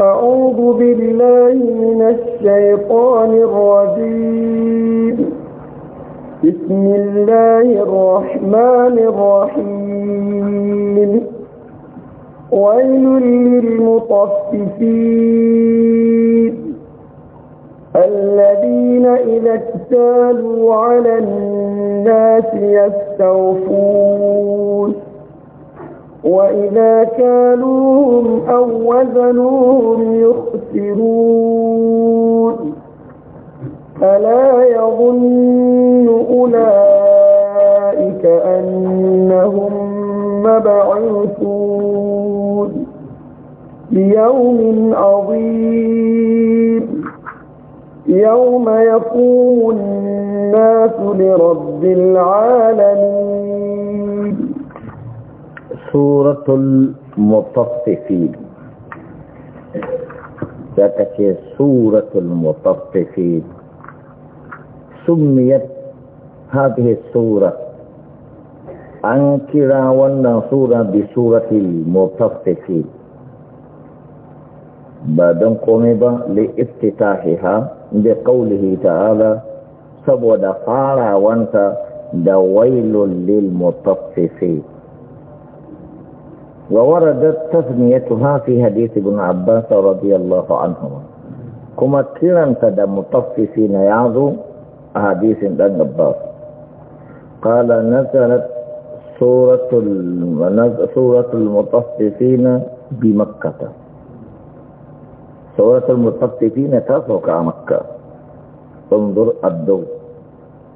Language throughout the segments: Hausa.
أعوذ بالله من الشيطان الرجيم بسم الله الرحمن الرحيم ويل للمطففين الذين إذا اكتالوا على الناس يستوفون وإذا كالوهم أو وزنوهم يخسرون ألا يظن أولئك أنهم مبعوثون ليوم عظيم يوم يقوم الناس لرب العالمين سورة المطففين ذاتك سورة المطففين سميت هذه السورة أنكرا والنصورة بسورة المطففين بعد أن قمب لافتتاحها بقوله تعالى سبود فارا وانت دويل للمطففين ووردت تسميتها في حديث ابن عباس رضي الله عنهما كما كيران تدى مطففين يعظوا حديث ابن عباس قال نزلت سورة سورة المطففين بمكة سورة المطففين تفوق مكة انظر الضوء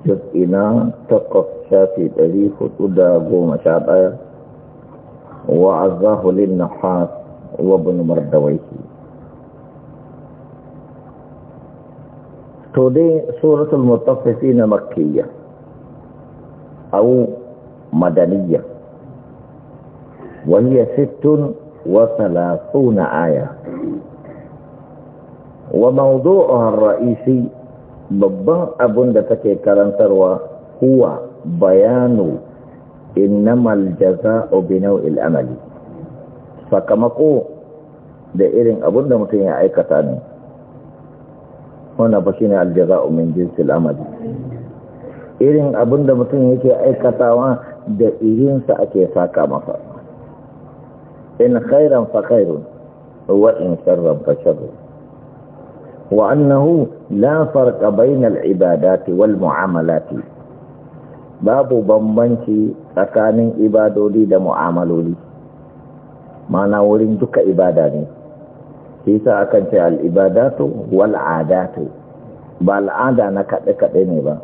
جزء تقف شافي بريخ تدى قوم شعب آيات وعزاه للنحاس وابن مردويه تودي سورة المتصفين مكية أو مدنية وهي ست وثلاثون آية وموضوعها الرئيسي babban أبن دتكي take هو بيان innamal jaza'u bi nau'il amali sakamako da irin abun da mutum ya aikata ne wannan ba shine aljaza'u min jinsu il'amali irin abun da mutum yake aikatawa da irinsa ake saka masa in khairan fa khairun wa in sharran fa sharrun wa annahu la farqa bainal ibadati wal mu'amalati babu bambanci tsakanin ibadodi da mu'amaloli mana wurin duka ibada ne isa akan ce al'ibadatu wal'adatu ba al'ada na kaɗe-kaɗe ne ba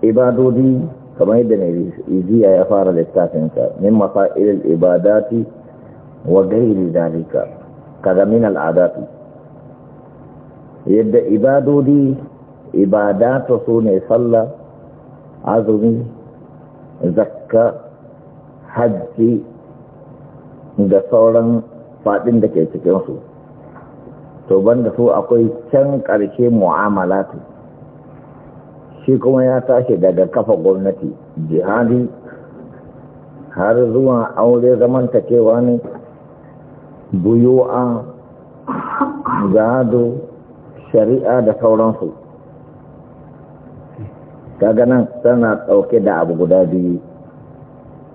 ibadodi kamar yadda ne iziya ya fara littafinsa min masa'ilil ibadati wa gairi dalika kaga min al'adatu yadda ibadodi ibadatu su ne sallah azumi zakka hajji da sauran faɗin da ke cikinsu to banda su akwai can ƙarshe ta. shi kuma ya tashi daga kafa gwamnati jihadi har zuwa aure zamantakewa ne buyu'a gado shari'a da sauransu kaga nan tana ɗauke da abu guda biyu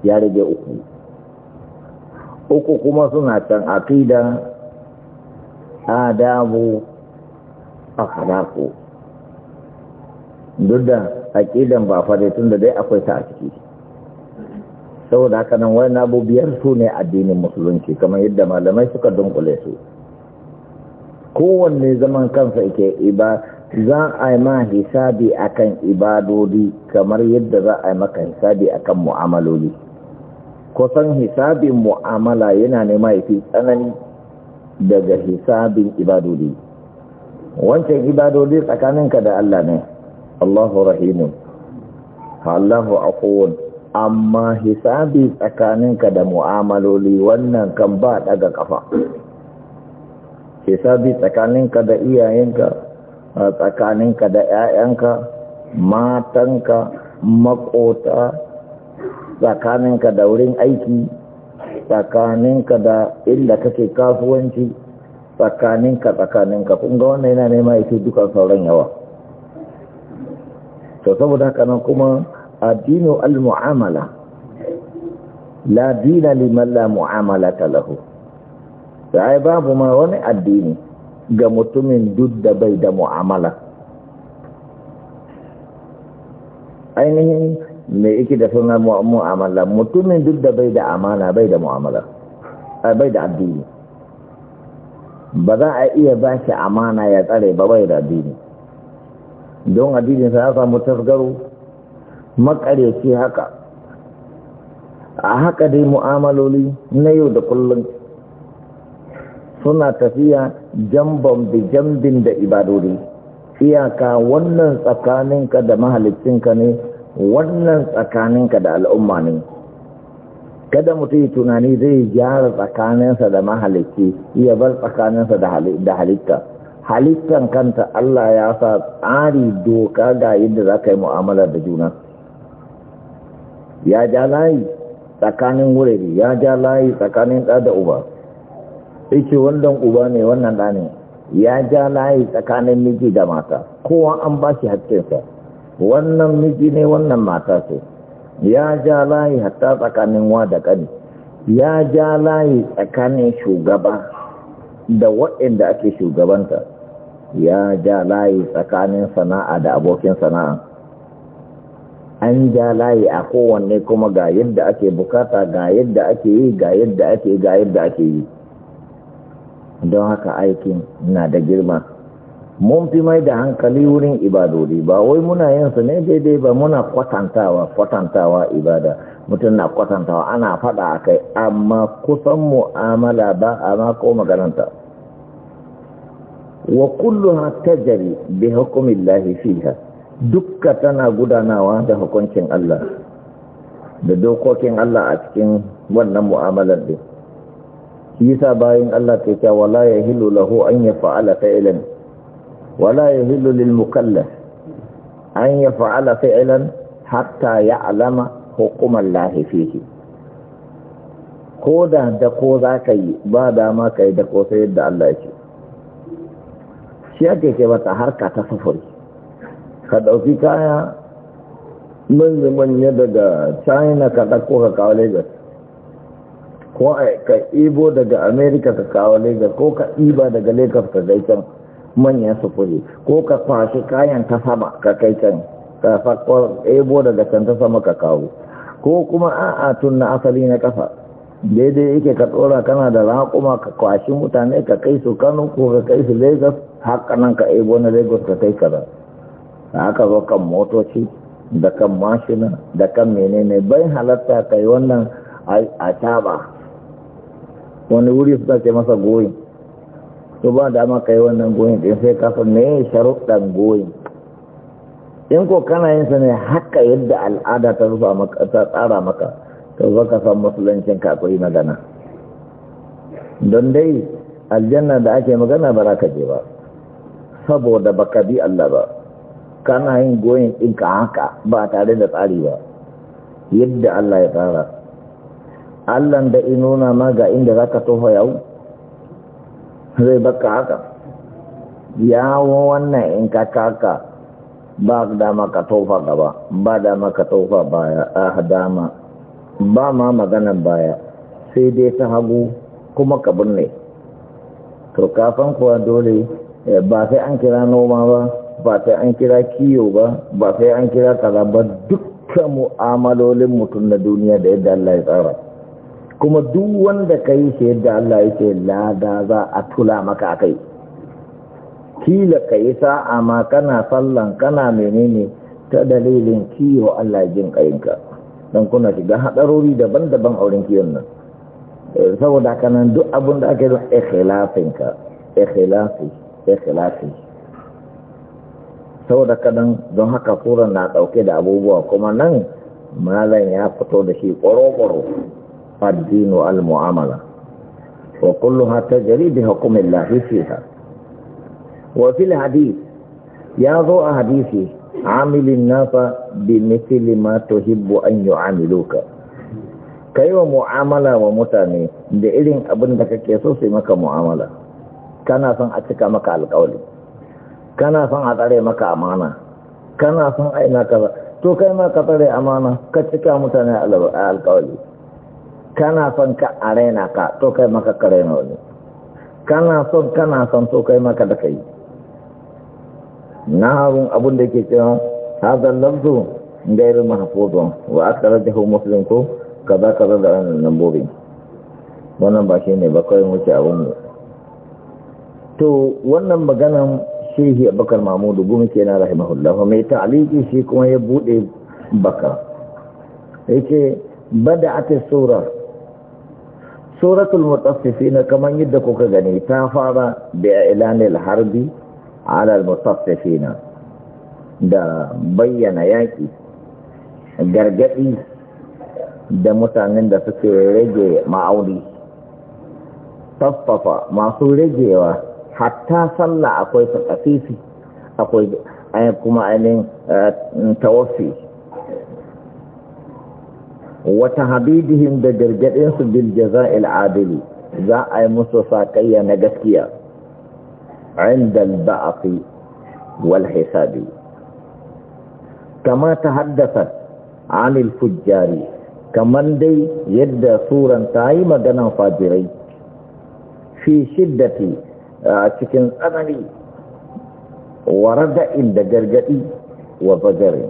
ya rage uku uku kuma suna can aƙida adabu akhlaqu duk da aƙidan ba fare tun da dai akwai ta a ciki saboda haka nan wani abu biyar su ne addinin musulunci kamar yadda malamai suka dunkule su kowanne zaman kansa yake iba za a yi ma hisabi akan ibadodi kamar yadda za a yi maka hisabi akan mu'amaloli kusan hisabin mu'amala yana nema ya tsanani daga hisabin ibadodi wancan ibadodi tsakaninka da Allah ne Allahu rahimun Allahu amma hisabi tsakaninka da mu'amaloli wannan kan ba daga kafa hisabi tsakaninka da iyayenka a tsakaninka da 'ya'yanka matanka makota tsakaninka da wurin aiki tsakaninka da inda kake kasuwanci tsakaninka tsakaninka kunga wannan yana nema yake duka sauran yawa to saboda haka nan kuma addinu al-mu'amala la dina liman la mu'amalata lahu sai babu ma wani addini ga mutumin duk da bai da mu'amala ainihin mai iki da suna mu'amala mutumin duk da bai da amana bai da mu'amala bai da addini ba za a iya ba shi amana ya tsare ba bai da addini don addininsa ya samu tasgaro makareci haka a haka dai mu'amaloli na yau da kullum suna tafiya jamban jambin da ibadori iyaka wannan tsakaninka da mahalicinka ne wannan tsakaninka da al'umma ne kada mutum yi tunani zai gyara tsakaninsa da mahalicci iya bar tsakaninsa da halitta halittan kanta Allah ya sa tsari doka ga yadda za ka yi mu'amala da juna ya ja layi tsakanin wurare ya ja layi tsakanin ɗa da uba ce wannan uba ne wannan da ne ya ja layi tsakanin miji da mata kowa an ba shi haƙƙinsa wannan miji ne wannan mata ce ya ja layi hatta tsakanin wa da ƙani ya ja layi tsakanin shugaba da waɗanda ake shugabanta ya ja layi tsakanin sana'a da abokin sana'a an ja layi a kowanne kuma ga yadda ake bukata ga yadda ake yi ga yadda ake ga yadda ake yi don haka aikin na da girma mun fi mai da hankali wurin ibadodi ba wai muna yin su ne daidai ba muna kwatantawa kwatantawa ibada mutum na kwatantawa ana fada a kai amma kusan mu'amala ba a mako magananta wa kulluha tajari bi hukmillahi fiha dukka tana gudanawa da hukuncin Allah da dokokin Allah a cikin wannan mu'amalar din yasa bayan Allah ke cewa wala yahillu lahu an yaf'ala fi'lan wala yahillu lil mukallaf an yaf'ala fi'lan hatta ya'lama hukum Allah fihi ko da da ko za ka yi ba dama ka yi da ko sai yadda Allah ya ce shi ake ce mata harka ta safari ka ɗauki kaya manya-manya daga china ka ɗauko ka kawo lagos ko ka ibo daga america ka kawo lagos ko ka iba daga lagos ta kai can manyan sufuri ko ka kwashe kayan ta sama ka kai can ka fakwar ibo daga can ta sama ka kawo ko kuma a'a tun na asali na kafa daidai yake ka tsora kana da raƙuma ka kwashi mutane ka kai su kano ko ka kai su lagos haka nan ka ibo na lagos ka kai kaza haka zo kan motoci da kan mashina da kan menene bai halatta kai wannan a taba wani wuri su ce masa goyin to ba dama kai wannan goyin ɗin sai ka san me sharuɗan goyin in ko kana yin sa ne haka yadda al'ada ta rufa maka ta tsara maka to ka san musuluncin ka akwai magana don dai aljanna da ake magana ba za ka je ba saboda ba ka bi Allah ba kana yin goyin ɗinka haka ba tare da tsari ba yadda Allah ya tsara Allah da inuna ma ga inda za ka toho yau zai baka haka yawon wannan in ka kaka ba dama ka tofa gaba ba dama ka tofa baya a ah, dama ba ma maganan baya sai dai ta hagu kuma ka binne to kafan kuwa dole eh, ba sai an kira noma ba ba sai an kira kiyo ba ba sai an kira kaza ba dukkan mu'amalolin mutum na duniya da yadda Allah ya tsara kuma duk wanda ka yi shi yadda Allah ya ce lada za a tula maka a kai kila ka yi sa'a ma kana sallan kana menene ta dalilin kiyo Allah ya jin ƙayinka don kuna shiga haɗarori daban-daban a wurin kiyon nan eh, saboda kanan duk abin da ake zuwa lafi, ikhilafi ikhilafi saboda kanan don haka furan na ɗauke da abubuwa kuma nan malam ya fito da shi ƙwaro-ƙwaro Fadzinu al-mu'amalah Wa kulluha tajari bihukumillahi fiha Wa Ya zu'a hadithi Amilin nafa Bimithili ma tuhibbu an wa mu'amala wa mutani Ndi ilin abunda ke kesusi maka mu'amala Kana sang atika maka al-kawli Kana sang kana son ka a raina ka to kai maka ka raina wani kana son kana son to kai maka da kai harun abin da ke cewa hazan lafzu gairu mahafuzun wa aka rajahu muslim ko kaza kaza da nan lambobi wannan ba shi ne ba kawai wuce a mu to wannan maganan shehi abakar mahmudu gumi ke na rahimahullah mai ta'aliki shi kuma ya bude bakar yake bada ake surar suratul na kaman yadda kuka gani ta fara da ilanil harbi ala na. da bayyana yaƙi, gargadi da mutanen da suke rage ma'auni taffafa masu ragewa hatta sallah akwai tsakafifi akwai kuma ainihin eh, tawaffi wata habidihim da gargaɗinsu bil jaza'il adili za a yi musu saƙayya na gaskiya inda al-ba'afi wal hisabi kama ta haddasa anil fujjari kaman dai yadda suran ta yi maganan fajirai fi shiddati a cikin tsanani wa da gargaɗi wa fajari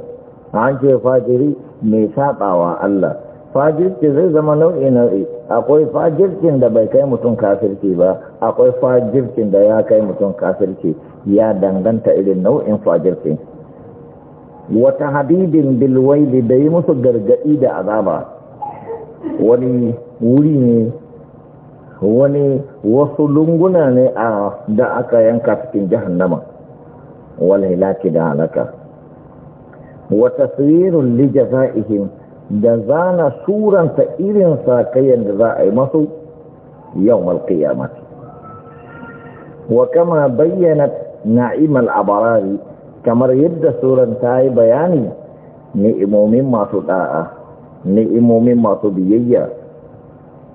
an ce fajiri mai saɓawa Allah fajirci zai zama nau'i nau'i akwai fajircin da bai kai mutum kafirci ba akwai fajircin da ya kai mutum kafirci ya danganta irin nau'in fajircin wata hadidin bilwaili da yi musu gargaɗi da azaba wani wuri ne wani wasu lunguna ne a da aka yanka cikin jahannama wal hilaki da halaka wa taswirun li jaza'ihim da zana suranta irin sakayen da za a yi masu yau malkiyama wa kama bayyana na'imal abarari kamar yadda suran ta yi bayani ni'imomin masu ɗa'a, ni'imomin masu biyayya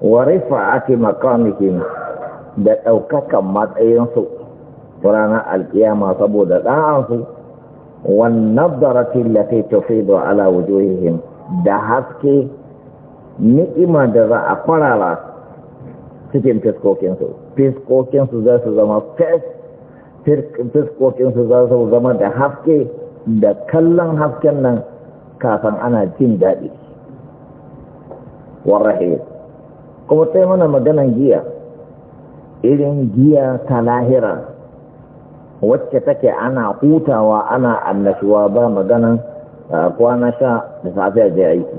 wa rifa'ati makamihim da ɗaukakan matsayinsu ranar alkiyama saboda ɗa'ansu wannan zaratin da ta tafi ala wujuhihim da haske ni'ima da za a farara cikin fiskokinsu fiskokinsu za su zama fes fiskokinsu za su zama da haske da kallon hasken nan kafin ana jin daɗi warrahe kuma sai mana maganan giya irin giya ta lahira wacce take ana hutawa ana annashuwa ba maganan kwana sha da safiya je aiki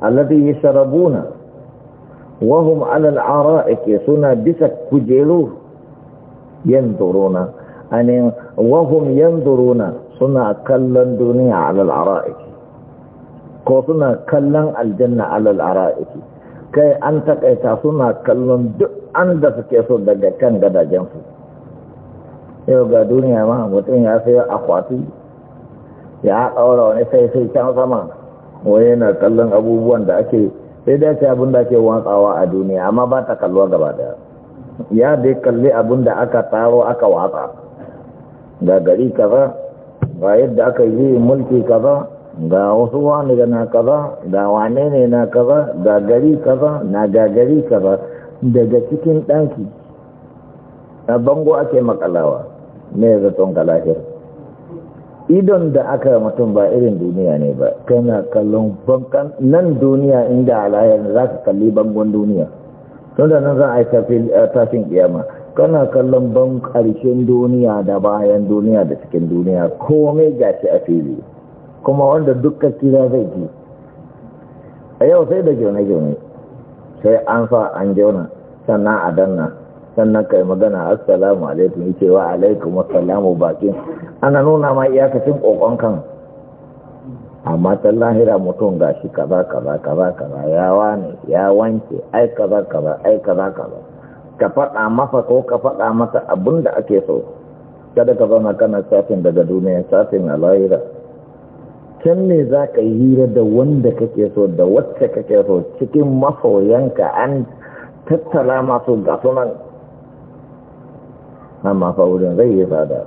alladhi yashrabuna wa hum ala al suna bisa kujeru duruna. anin wahum hum duruna suna kallon duniya ala al ko suna kallon aljanna ala al kai an takaita suna kallon duk an da suke so daga kan gadajensu yau ga duniya ma mutum ya sayo akwati ya ɗaura wani sai sai can sama wani yana kallon abubuwan da ake sai da ce abin da ake watsawa a duniya amma ba ta kalluwa gaba daya ya dai kalli abin da aka taro aka watsa ga gari kaza ga yadda aka yi mulki kaza ga wasu wani ga na kaza ga wane ne na kaza ga gari kaza na ga kaza daga cikin ɗanki a bango ake makalawa ne zaton ka lahira idon da aka mutum ba irin duniya ne ba kana kallon bankan nan duniya inda alayar za ka kalli bangon duniya tun da nan za a yi eh, tashin kiyama kana kallon ban duniya da bayan duniya da cikin duniya komai gashi a fili kuma wanda dukkan kira zai ji a yau sai da gyone-gyone sai an sa an gyona sannan a danna sannan kai magana assalamu alaikum yake wa alaikum assalamu bakin ana nuna ma iyakacin kokon kan amma ta lahira mutum ga shi kaza kaza kaza kaza ya wane ya wanke ai kaza kaza ai kaza kaza ka faɗa masa ko ka faɗa masa abin da ake so kada ka zama kana safin daga duniya safin a lahira can ne za ka yi hira da wanda kake so da wacce kake so cikin masoyanka an tattala masu gasunan amma fa wurin zai yi tsada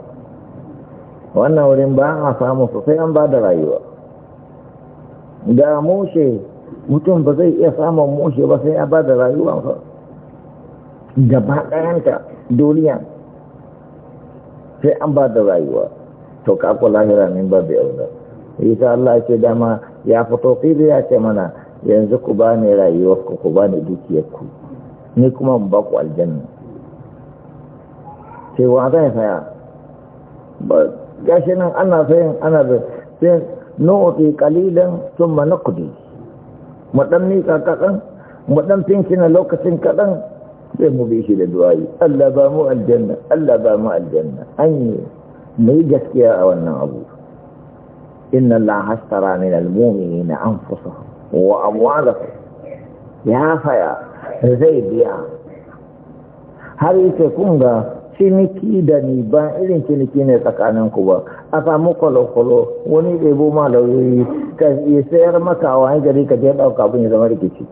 wannan wurin ba a samu sosai an ba da rayuwa ga mushe mutum ba zai iya samun mushe ba sai ya ba da rayuwansa gaba ɗayanta duniya sai an ba da rayuwa to kaku lahira min ba da yaunar isa Allah ce dama ya fito fili ya ce mana yanzu ku ba ne rayuwarku ku ba ne dukiyarku ni kuma ba ku aljanna sai wa zai saya ba gashi nan ana sayin ana da sai nu'ti qalilan thumma naqdi mu dan mika kadan mu dan finkina lokacin kaɗan. sai mu bi shi da du'a'i Allah ba mu aljanna Allah ba mu aljanna an yi gaskiya a wannan abu inna Allah hasara min an anfusahum wa amwalahum ya faya zai biya har yake kunga ciniki da ni ba irin ciniki ne ku ba a samu kwalokwalo wani ɗebo ma lauyoyi ka yi sayar maka a wani gari ka je ɗauka abin ya zama rikici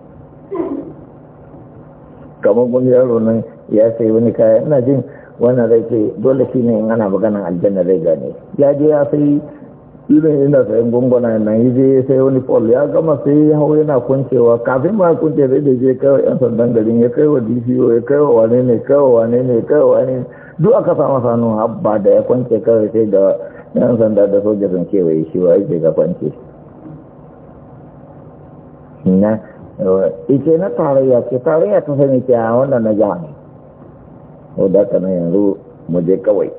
kamar kun yaro nan ya sai wani kaya ina jin wannan rai ke dole shi ne in ana maganan aljanna rai gane ya je ya sai idan ina sayan gwangwana nan yi je sai wani pol ya gama sai ya hau yana kuncewa kafin ma kunce sai da je kai yan sandan garin ya kai wa dpo ya kai wa wane ne kai wa wane ne kai wa wane ne duk aka sa masa hannun habba da ya kwance kawai sai da yan sanda da soja sun kewaye shi wa ake ga kwance na ike na tarayya ce tarayya ta sani ke a wannan na jihar ne ko da ka na yanzu mu je kawai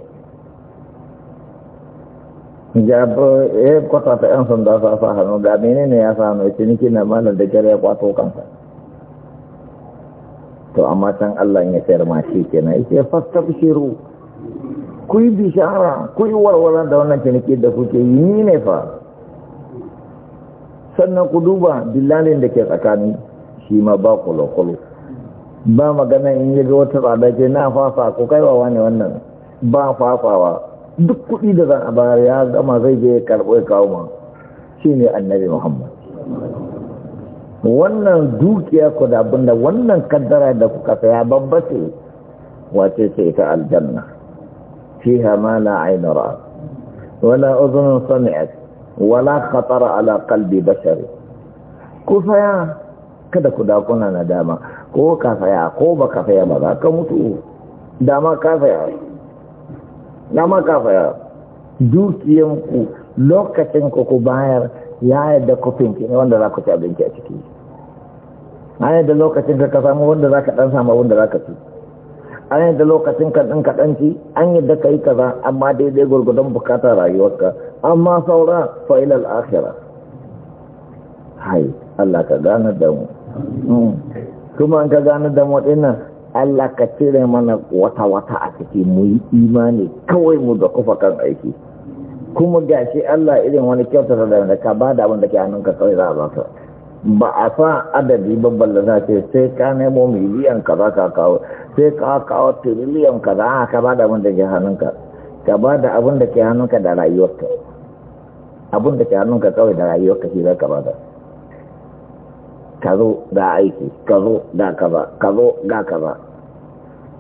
jabo e ko ta yan da sa sa hannu ga ne ya samu ita niki na malam da kare ya kwato kansa to amma can Allah ya sayar ma shi kenan yake fastabshiru ku yi bishara ku yi da wannan ciniki da kuke yi ni ne fa sannan ku duba dillalin da ke tsakani shi ma ba ba magana in yi ga wata tsada ke, na fafa ku kaiwa ne wannan ba fafawa duk kuɗi da zan a ya gama zai je karɓo ya kawo ma shi ne annabi muhammad wannan dukiya ku da abinda wannan kaddara da kuka saya ya ce wace ce ita aljanna fi ma na aina ra'a wala uzunin sami'at wala khatara ala kalbi bashari ku saya kada ku da kuna dama, ko ka saya ko ba ka saya ba za ka mutu dama ka saya na maka fayar dukiyanku lokacin ku ku bayar ya yadda kufin ki ne wanda za ku ci abinci a ciki a yadda lokacin ka samu wanda za ka dan samu wanda za ka ci a yadda lokacin ka ɗin kaɗan ci an yadda ka yi kaza amma daidai gurgudan bukata rayuwarka amma saura fa'ilal akhira hai Allah ka gane da mu hmm. kuma an ka gane da mu waɗannan Allah ka cire mana wata-wata a ciki mu yi imani kawai mu da kufa kan aiki kuma shi? Allah irin wani kyautar da ka ba da wanda da ke hannunka kawai za a ba ka ba a sa adadi babban da za ce sai ka nemo miliyan ka za ka kawo sai ka kawo tiriliyan ka za ka ba da wanda da ke hannunka ka ba da abin da ke hannunka da rayuwarka abin da ke hannunka kawai da rayuwarka shi za ka ba da ka zo aiki ka zo ga kaza ka zo kaza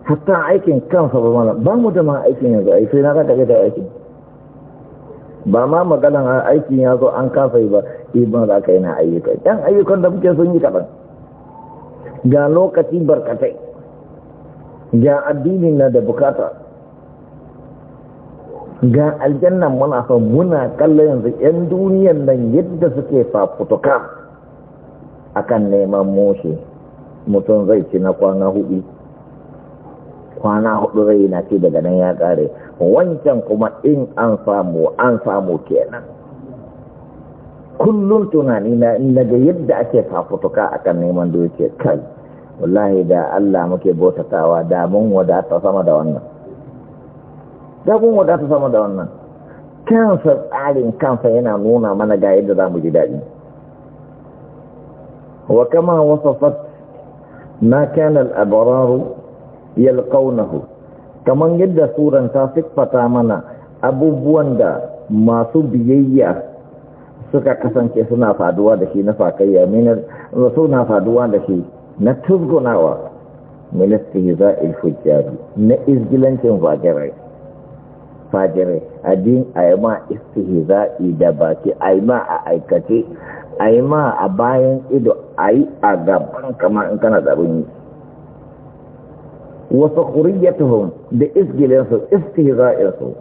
hatta aikin kansa ba mana ba mu da ma aikin yanzu ai sai na ka tafi da aikin ba ma maganan aikin ya zo an kafa yi ba ibn za ka yi na ayyuka yan ayyukan da muke sun yi kaɗan ga lokaci barkatai ga addini na da bukata ga aljannan muna son muna kallon yanzu 'yan duniyan nan yadda suke fafutuka akan neman moshe mutum zai ci na kwana hudu kwana hudu zai na ci daga nan ya kare wancan kuma in an samu an samu kenan kullum tunani na inda ga yadda ake fafutuka akan neman doke kai wallahi da Allah muke bautatawa da mun wadata sama da wannan da mun wadata sama da wannan kansa tsarin kansa yana nuna mana ga yadda za mu ji daɗi وكما وصفت ما كان الأبرار يلقونه كما يدى سورة mana abubuwan da masu biyayya سبيئيا suka kasance suna faduwa da shi na fakayya minar suna faduwa da shi na tuzgunawa ministry za a na izgilancin fajirai fajire adin a yi ma istihza'i da baki a yi ma a aikace a yi ma a bayan ido a yi a gaban kamar in kana da yi wasu kuriyatuhum da isgilinsu istihza'insu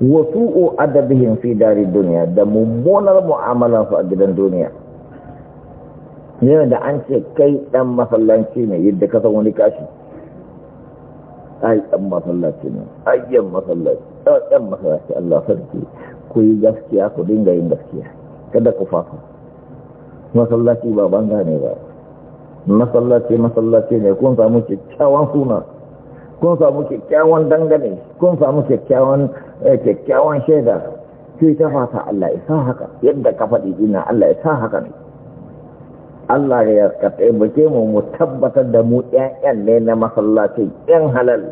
wasu adabihin fi dari duniya da mummunar mu'amalansu a gidan duniya yana da an ce kai dan masallanci ne yadda kasan wani kashi ai ɗan masallaci ne ayyan masallaci ɗan masallaci Allah sarki ku yi gaskiya ku dinga yin gaskiya kada ku fafa masallaci ba banga ne ba masallaci masallaci ne kun samu kyakkyawan suna kun samu kyakkyawan dangane kun samu kyakkyawan eh, kyakkyawan shaida sai ta fata Allah ya sa haka yadda ka faɗi ina Allah ya sa haka ne Allah ya kaɗe buke mu mu tabbatar da mu ‘ya'yan ne na masallaci ‘yan halal.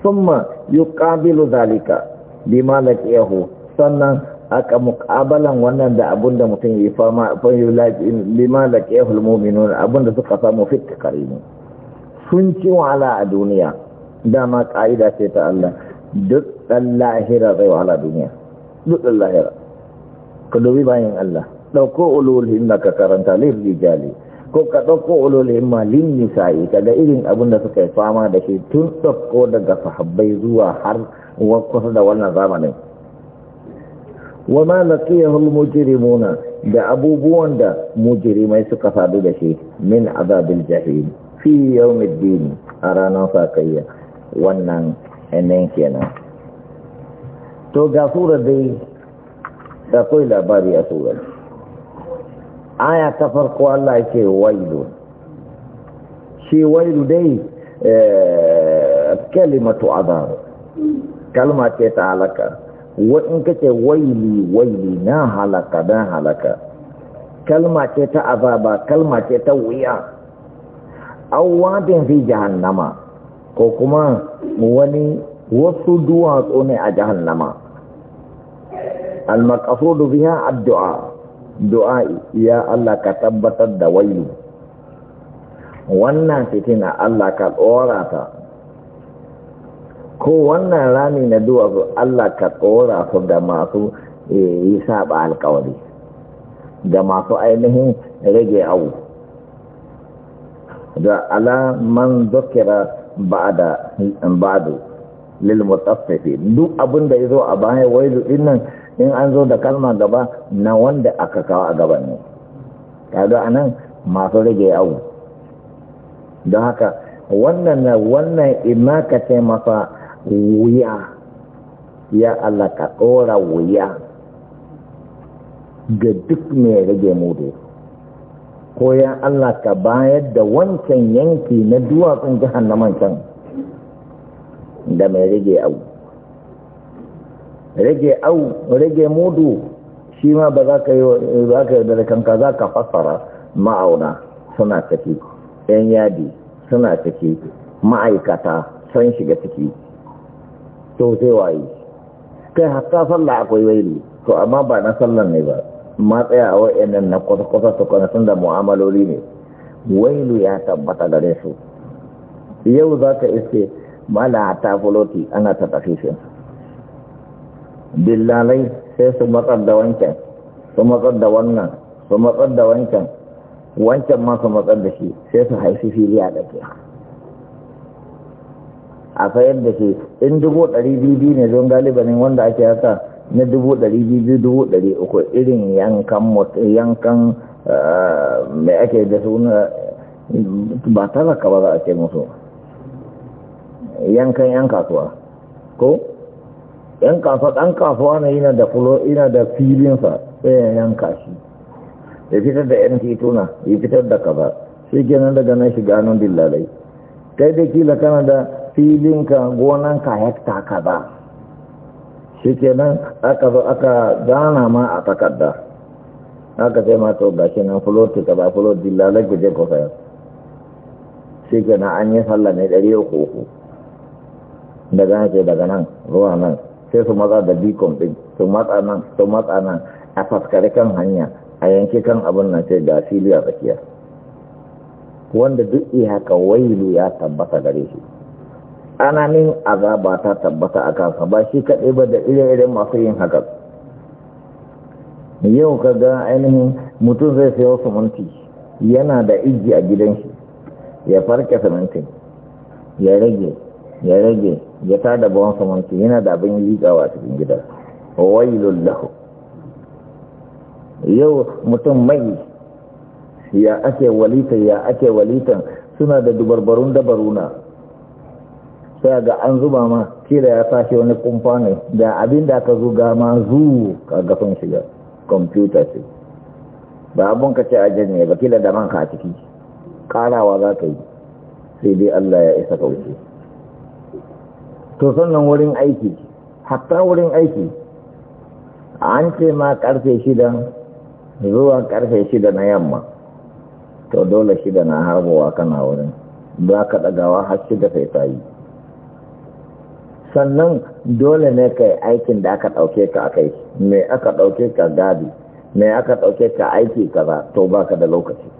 Summa yi ƙabilu zalika, bi malak yahu, sannan aka muƙabalan wannan da abun da mutum yi fama bi malak yahu nuna abun da suka samu fitka karimu. Sun ci wahala a duniya, dama ƙa'ida ce ta Allah, duk ɗan lahira zai wahala duniya, duk ɗan lahira. Ka dubi bayan Allah. ɗauko ulul himma ka karanta lil rijali ko ka dauko ulul himma lin nisa'i kaga irin abin da suka yi fama da shi tun dauko daga sahabbai zuwa har kusa da wannan zamanin wa ma laqiyahu mujrimuna da abubuwan da mujrimai suka sadu da shi min azabil jahim fi yawmiddin a ranar sakayya wannan ainihin kenan to ga sura dai da kai labari a surar aya ta farko Allah yake wailu shi wailu dai eh, kalimatu azab kalma ce ta halaka wa in kace waili waili na halaka da halaka kalma ce ta azaba kalma ce ta wuya awwadin fi jahannama ko kuma wani wasu duwatsu ne a jahannama al-maqsudu biha addu'a Du'a ya Allah ka tabbatar da wailu wannan fitina Allah ka tsora ta ko wannan rami na duwatsu Allah ka tsora su da masu eh, yi saba alkawari da masu ainihin rage awu da ala man zukira ba'da ba'du lil mutaffifi duk abinda ya zo a baya wailu dinnan in an zo da kalma gaba na wanda aka kawo a gaban ne kaga anan masu rage yawo don haka wannan na wannan ina ka ce masa wuya ya Allah ka ɗora wuya ga duk mai rage mudu ko ya Allah ka bayar da wancan yanki na duwatsun na can da mai rage abu rage au rage mudu shi ma ba za ka yi ba ka da kanka za ka fassara ma'auna suna ciki yan yadi suna ciki ma'aikata sun shiga ciki to sai waye kai hatta sallah akwai waili to amma ba na sallan ne ba ma tsaya a wa'annan na kwata-kwata su da mu'amaloli ne wailu ya tabbata gare su yau za ka iske mala ta fuloti ana ta tafi shi billalai sai su matsar da wancan su matsar da wannan su matsar da wancan wancan ma su matsar da shi sai su haifi fili a ɗake a sayar da shi in dubu ɗari biyu ne don galibanin wanda ake haka na dubu ɗari biyu dubu ɗari uku irin yankan yankan eh, mai ake da suna ba talaka ba za a ce musu yankan yan kasuwa ko ɗan kasuwa ɗan kasuwa ne yana da fulo yana da filinsa ɗaya yanka shi ya fitar da yan tituna ya fitar da kaza shi kenan daga nan shiga nan dillalai kai da kila kana da filinka ka hekta kaza shi kenan aka zo aka zana ma a takarda aka sai ma to shi nan ta kaza fuloti dillalai guje ko sayar shi kenan an yi sallah ne ɗari uku uku daga nan ke daga nan zuwa nan sai su matsa da bikon ɗin su matsa nan su matsa nan a faskari kan hanya a yanke kan abin nan sai ga fili a tsakiya wanda duk iya haka wailu ya tabbata gare shi ananin azaba ta tabbata a kansa ba shi kaɗai ba da ire-iren masu yin haka yau ka ga ainihin mutum zai sayo suminti yana da iji a gidan shi ya farke sumintin ya rage ya rage ya ta da buwan samanci yana da abin liƙawa cikin gida wailul lahu yau mutum mai ya ake walita ya ake walitan suna da dubarbarun dabaruna sai ga an zuba ma kira ya tashi wani kumfa da abin da aka zuga ma zu ka gafin shiga kwamfuta ce ba abun ka ce a jini ba kila da manka a ciki karawa za ka yi sai dai Allah ya isa kauce to sannan wurin aiki hatta wurin aiki an ce ma karfe shida zuwa karfe shida na yamma to dole shida na harbowa kana wurin za ka ɗagawa har shida sai ta yi sannan dole ne ka aikin da aka ɗauke ka a kai mai aka ɗauke ka gadi mai aka ɗauke ka aiki kaza to ba ka da lokaci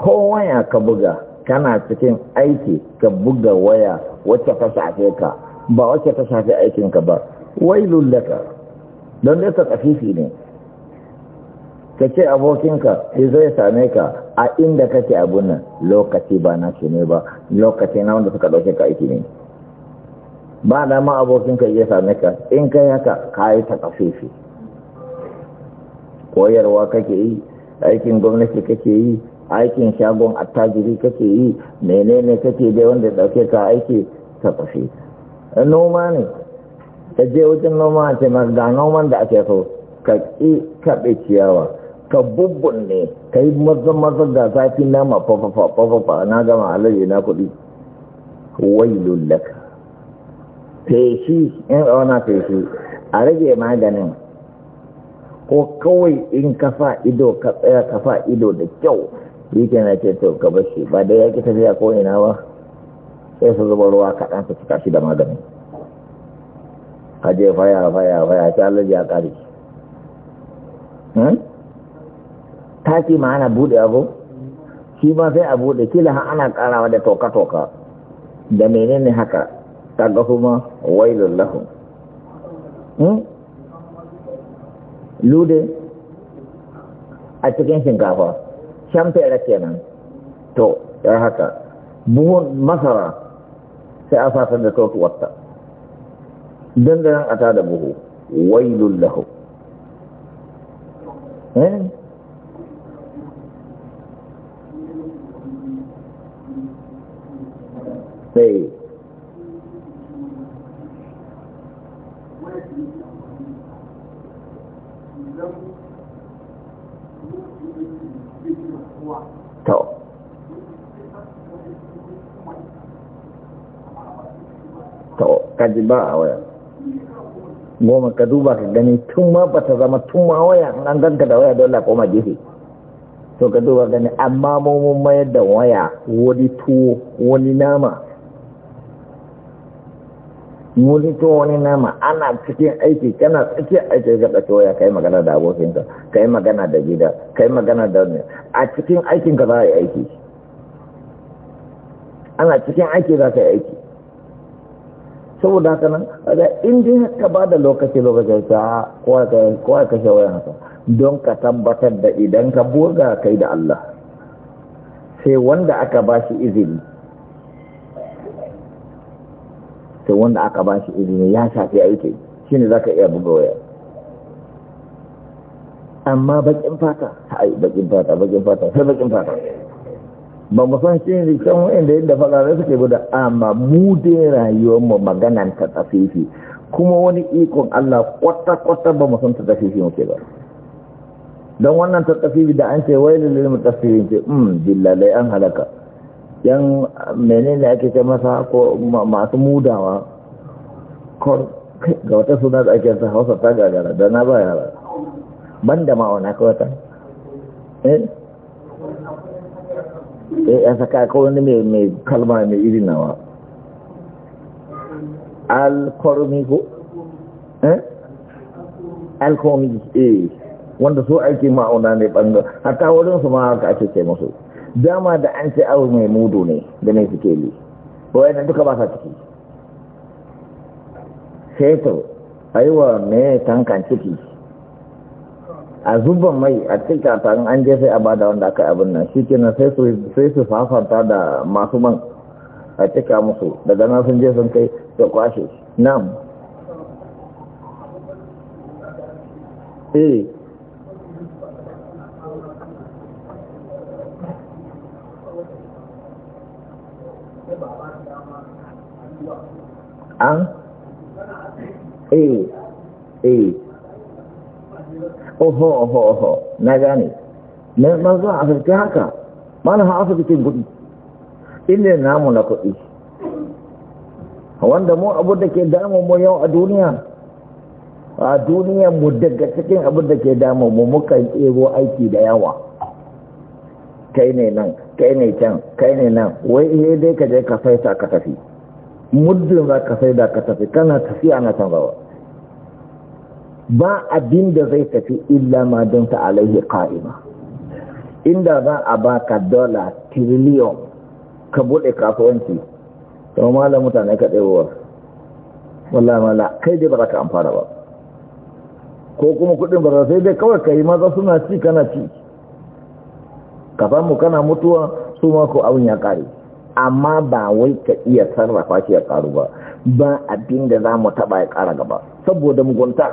kowa ya ka buga kana cikin aiki ka buga waya wacce ta shafe ka ba wacce ta shafe aikinka ba wai lullaka don dai ta kafifi ne ka ce abokinka sai eh, zai same ka a inda kake abun nan lokaci ba na ne ba lokaci na wanda suka dauke ka aiki ne ba da ma abokinka ya same ka in kai haka ka yi ta kafifi koyarwa kake yi aikin gwamnati kake yi aikin shagon attajiri kake yi menene kake dai wanda dauke ka aiki ka tafi noma ne ka je wajen noma a ce ga noman da ake so ka ƙi kaɓe ciyawa ka bubbun ne ka yi mazan-mazan da zafi ma fafafafafafa na gama alaji na kuɗi Wai lullaka feshi in wana feshi a rage maganin ko kawai in kafa ido ka tsaya kafa ido da kyau shi na ce to ka bashi ba dai ya ki tafiya ko ina ba sai su zuba ruwa kaɗan su cika shi da magani je faya faya faya ta Allah ya kare ta hmm? taki ma ana bude abu shi ma sai a bude kila ana karawa da toka toka da menene haka ta ga kuma wailul lahum hmm? lude a cikin shinkafa can fere kenan to ya haka buhun masara sai a safar da totuwarta dandanan a tada buhu wailun lahu eh? sai to to kaji ba a waya goma ka duba ka gani tun ma ba ta zama tun ma waya an ganta da waya dole koma gefe to ka duba gani amma mu mayar da waya wani tuwo wani nama mulito wani nama ana cikin aiki kana tsakiyar aiki ga ɗakewa ya kai magana da abokinka kai magana da gida kai magana da wani a cikin aikinka za a yi aiki ana cikin aiki za ka yi aiki saboda haka nan ga inda ka ba da lokaci lokaci ta kowa kashe wayan haka don ka tabbatar da idan ka burga kai da Allah sai wanda aka ba shi izini sai wanda aka ba shi izini ya shafi aiki shi ne za ka iya buga waya amma bakin fata ai bakin fata bakin fata sai bakin fata ba mu san shi ne kan da yadda zai suke guda amma mu dai rayuwarmu maganan ta tsafifi kuma wani ikon Allah kwata-kwata ba mu san ta tsafifi muke ba don wannan ta tsafifi da an ce wailul mu mutaffifin ce um hmm, dillalai an halaka yan menene ake ce masa ko masu mudawa ga wata suna da ake sa hausa ta gagara da na ba yara ban da ma'auna ka wata eh, eh ya saka ko wani mai kalma mai iri nawa alkormi ko eh alkormi eh wanda so aiki ma'auna ne ɓangar hatta wurin su ma haka ake ce masu dama da an ce abu mai mudu ne da mai sikeli nan duka ba sa ciki fetur aiwa mai tankan ciki a zuban mai a cikin ta an je sai a bada wanda aka abin nan shi kenan sai su fafanta da masu man a cika musu daga nan sun je sun kai da kwashe nan eh an eh eh oho oho oho na gane na manzo a sarki haka mana ha asibitin kuɗi inda namu na kuɗi wanda mu abu da ke damun mu yau a duniya a duniya mu daga cikin abin da ke damu mu muka ebo aiki da yawa kai ne nan kai ne can kai ne nan wai iya dai ka je ka saita ka tafi muddin za ka da ka tafi kana tafi na can rawa ba abin da zai tafi illa ma don ta alaihi ka'ima inda za a ka dola tiriliyon ka buɗe kasuwanci to malam mutane ka ɗewa wala mala kai dai ba za ka amfana ba ko kuma kuɗin ba za sai dai kawai ka yi maza suna ci kana ci ka mu kana mutuwa su ma ko abin ya kare amma ba wai ka iya sarrafa shi ya karu ba ba abin da za mu taɓa ya ƙara gaba saboda mugunta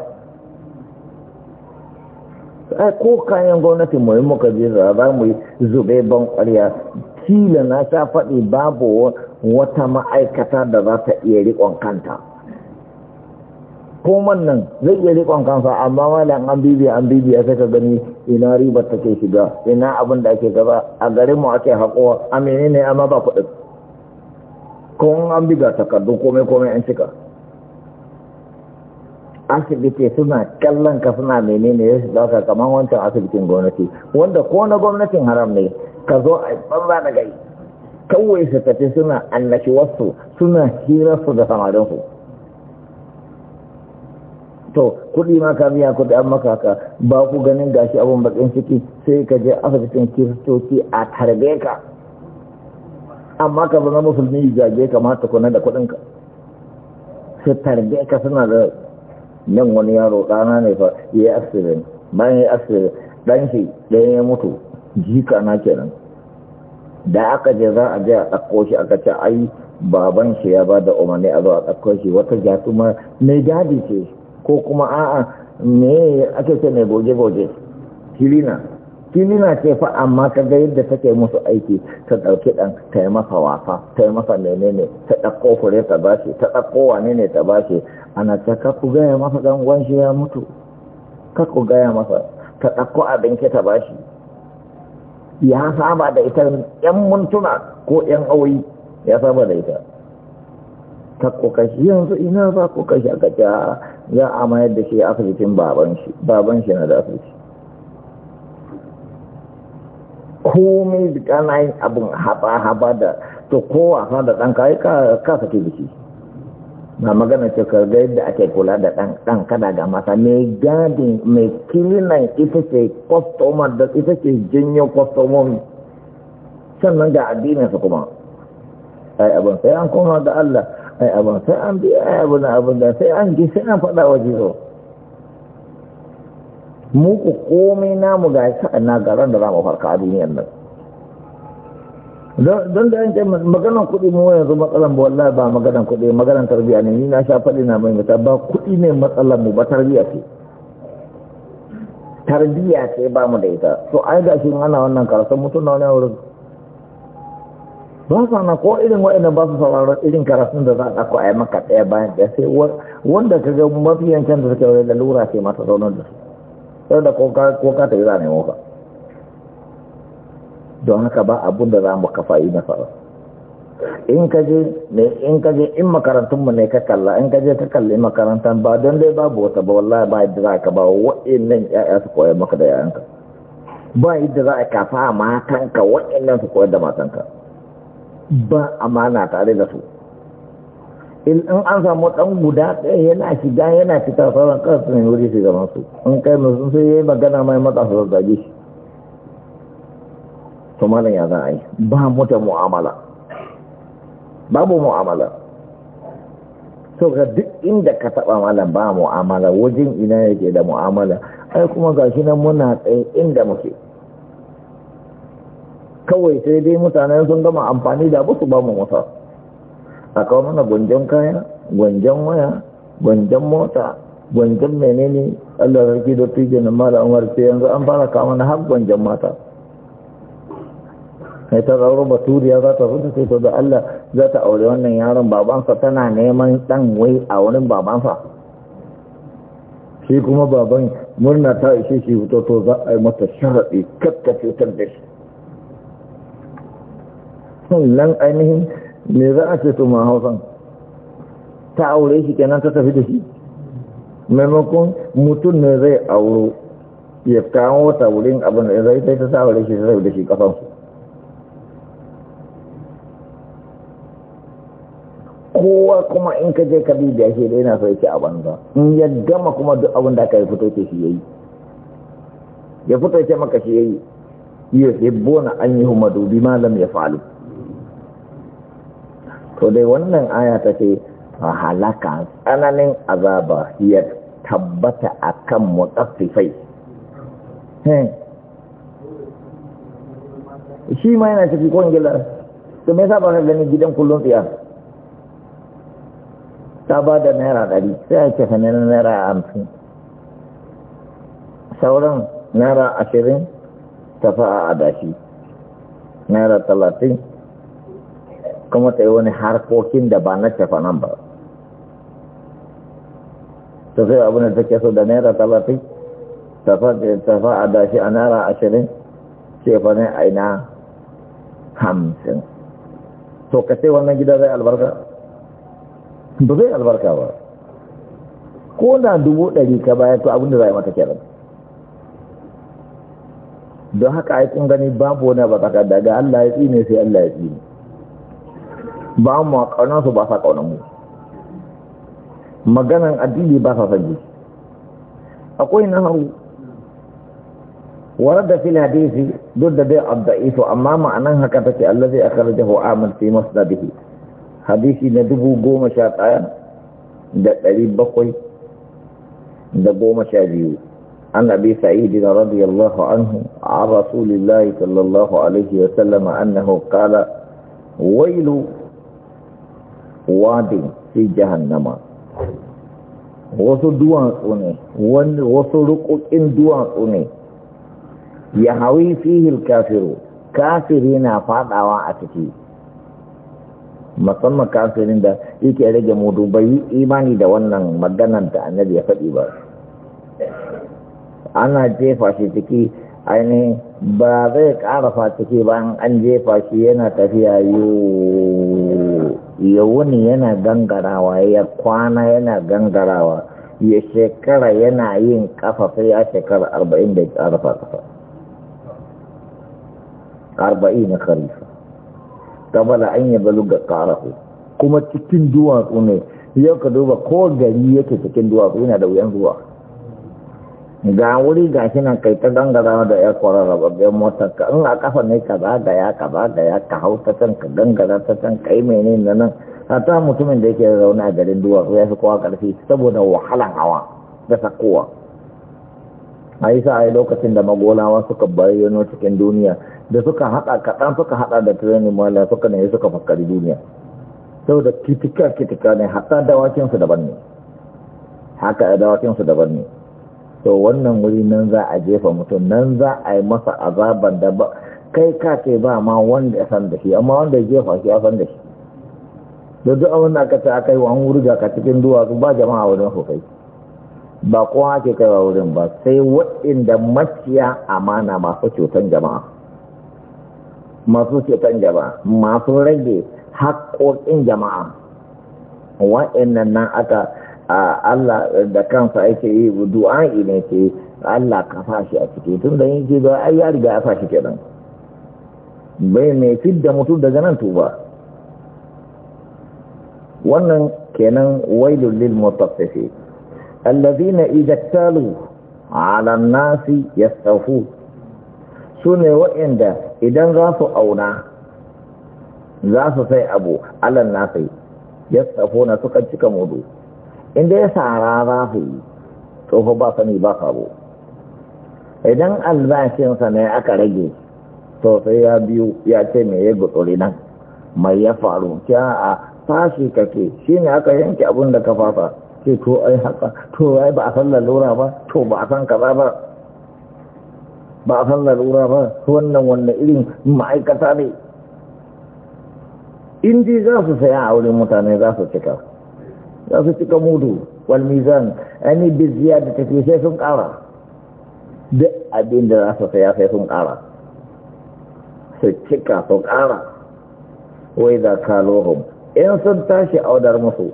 ko kayan gwamnati mai muka je za mu yi zube ban ƙwarya kila na sha faɗi babu wata ma'aikata da za ta iya riƙon kanta koman nan zai iya rikon kansa amma wani an bibiya an bibiya sai ka gani ina ribar take shiga ina abin da ake gaba a garin mu ake haƙowa a menene amma ba kuɗin ko an biga takardu komai komai an cika asibiti suna kallon ka suna menene ya shiga ka kamar wancan asibitin gwamnati wanda ko na gwamnatin haram ne ka zo a banza da gai. kawai su tafi suna annashi wasu suna hirar su da samarin to kuɗi ma ka biya kuɗi an maka ka ba ku ganin gashi abun bakin ciki sai ka je asibitin kiristoci a tarbe ka amma ka zama musulmi ka kamata kuna da kuɗinka sai tarbe ka suna da nan wani yaro ɗana ne fa ya yi asirin bayan ya yi asirin ɗan shi ɗaya ya mutu jika na kenan da aka je za a je a ɗauko shi aka ce ai baban shi ya ba da umarni a zo a ɗauko shi wata jatuma mai gadi ce ko kuma a'a me ake ce mai goge-goge kilina kilina ce fa amma ka ga yadda take musu aiki ta ɗauki ɗan taimaka masa wafa ta masa menene ta ɗakko fure ta bashi ta ɗakko wane ne ta bashi ana ta ka ku gaya masa ɗan gwanshi ya mutu ka ku gaya masa ta ɗakko abinci ta bashi ya saba da ita ‘yan muntuna ko ‘yan awoyi ya saba da ita ta kokashi yanzu ina za kokashi a aka ya za a mayar da shi asibitin baban shi baban na da asibiti komai da kanayin abin haɓa-haɓa da to kowa sa da ɗan kayi ka sake biki na magana ce karga yadda ake kula da ɗan kada ga mata mai gadin mai kilinan ita ce kwastomar da ita ce jinyar kwastomomi sannan ga addininsa kuma ai abin sai an koma da Allah ai abin sai an biya ai abin abin da sai an ji sai an faɗa wa jiro mu ku komai namu ga sa'an na garan da za mu farka a duniyar nan don da yanke maganan kuɗi mu yanzu matsalan ba wallahi ba maganan kuɗi maganan tarbiyya ne ni na sha faɗi na mai mata ba kuɗi ne matsalan mu ba tarbiyya ce tarbiyya ce ba mu da ita to ai ga shi ana wannan karasan mutum na wani wurin ba sa na ko irin wa'annan ba su sauraron irin karatun da za a ɗauko a yi maka ɗaya bayan ɗaya sai wanda ka ga mafi yankin da suke wani lalura ke mata zaunar da su sai da ko ka ta yi za a nemo ka don haka ba abun da za mu kafa yi sauran in ka je ne in ka je in makarantun mu ne ka kalla in ka je ka kalli makarantar ba don dai babu wata ba wallahi ba yadda za ka ba wa'annan ya'ya su koyar maka da yayanka ba yadda za a kafa matanka wa'annan su koyar da matanka ba amana tare da su in an samu dan guda ɗaya yana shiga yana fita sauran kansu ne wuri shugaban su An kai musu sai yi magana mai matsa su zazzage shi to malam ya za a yi ba mu da mu'amala babu mu'amala to ga duk inda ka taba malam ba mu'amala wajen ina yake da mu'amala ai kuma gashi nan muna tsaye inda muke kawai sai dai mutane sun gama amfani da abu su ba mu mota a kawo mana gwanjan kaya gwanjan waya gwanjan mota gwanjan menene allah sarki da tuge na mala umar sai yanzu an fara kawo mana har gwanjan mata sai ta zauro baturiya za ta rute sai to da allah za ta aure wannan yaron babansa tana neman dan wai a wurin babansa shi kuma baban murna ta ishe shi fito to za a yi mata sharaɗi kakka da shi nan ainihin me za a ce su ma hausan ta aure shi kenan ta tafi da shi maimakon mutum ne zai auro ya kawo wata wurin abin da zai ta aure shi ta da shi kafansu kowa kuma in ka je ka bi da shi da yana so yake a banza in ya gama kuma duk abin da aka yi fito ce shi ya yi. ya fito ce maka shi ya yi. yi ya bona an yi hu madubi malam ya yafalu to dai wannan aya ta ce halaka tsananin azaba ya tabbata akan mutaffifai shi ma yana ciki kwangilar Su me yasa ba ka gani gidan kullum tsiya ta ba da naira ɗari sai a ce na naira hamsin sauran naira ashirin tafa a adashi naira talatin kuma ta yi wani harkokin da ba na nan ba ta zai abin da take so da naira talatin ta fa a dashi a naira ashirin a ina hamsin to ka sai wannan gida zai albarka ba zai albarka ba ko na dubu ɗari ka bayan to abin da zai mata kenan don haka aikin gani babu wani ba daga Allah ya tsine sai Allah ya tsine ba mu kauna su ba sa kauna mu maganan addini ba sa sani akwai na hau wa radda fil hadisi duk da bai abda'isu amma ma'anan haka take allazi akhrajahu amr fi masdadihi hadisi na 11 da bakwai da biyu. an abi sa'id radiyallahu anhu a rasulillahi sallallahu alaihi wa sallam annahu qala Wailu. wadin fi jahannama wasu duwatsu ne wasu rukukin duwatsu ne ya hawi fihil kafiru kafiri na fadawa a ciki musamman kafirin da yake rage mudu bai imani da wannan maganar da annabi ya faɗi ba ana jefa shi ciki ainihin ba zai ƙarafa ciki bayan an jefa shi yana tafiya yiwu ya wuni yana gangarawa ya kwana yana gangarawa ya shekara yana yin kafa sai ya shekara arba'in da ya rufa kafa arba'in na kharifa kabala an yi ga ƙarahu kuma cikin duwatsu ne yau ka duba ko gari yake cikin duwatsu yana da wuyan zuwa ga wuri ga shi nan kai ta gangara da ya kwara rababbiyar mota ka in a kafa ne ka ya ka ya ka hau ta can ka gangara ta can ka yi mene na nan a ta mutumin da yake zaune a garin duwatsu ya fi kowa karfi saboda wahalan hawa da sakowa a yi sa lokacin da magolawa suka bayyano cikin duniya da suka haɗa kaɗan suka haɗa da training mala suka ne suka fakari duniya saboda kitika kitika ne haɗa dawakinsu daban ne haka dawakinsu daban ne to wannan wuri nan za a jefa mutum nan za a yi masa azaban da ba kai ka ce ba ma wanda ya san da shi amma wanda ya jefa shi ya san da shi da duk abin da aka ce aka yi wa an wurga ka cikin duwatsu ba jama'a wurin su kai ba kowa ke kaiwa wurin ba sai waɗanda maciya amana masu cutan jama'a masu cutan jama'a masu rage haƙoƙin jama'a waɗannan nan aka a Allah da kansa yake yi du'a ne ce Allah ka fashi a ciki tun da yake ga ai ya riga ya fashi kenan bai mai fidda mutum daga nan tuba wannan kenan wailul lil mutaffifin alladhina idaktalu ala nasi yastafu sune waɗanda idan za su auna za su sai abu ala nasi yastafuna suka cika mudu inda ya sara za su yi tsoho ba sani ba sabo idan albashinsa ne aka rage to sai ya biyu ya ce me ya gutsuri nan mai ya faru kya a fashi kake shi ne aka yanke abin da ka fasa ce to ai haka to ai ba a san lalura ba to ba a san kaza ba ba a san lalura ba wannan wannan irin ma'aikata ne Indi za su saya a wurin mutane za su cika za su cika mudu wal mizan ani eh, bi ziyada tafi sai sun ƙara duk abin da za su saya sai sun ƙara su cika su ƙara wai da kalohum in sun tashi audar musu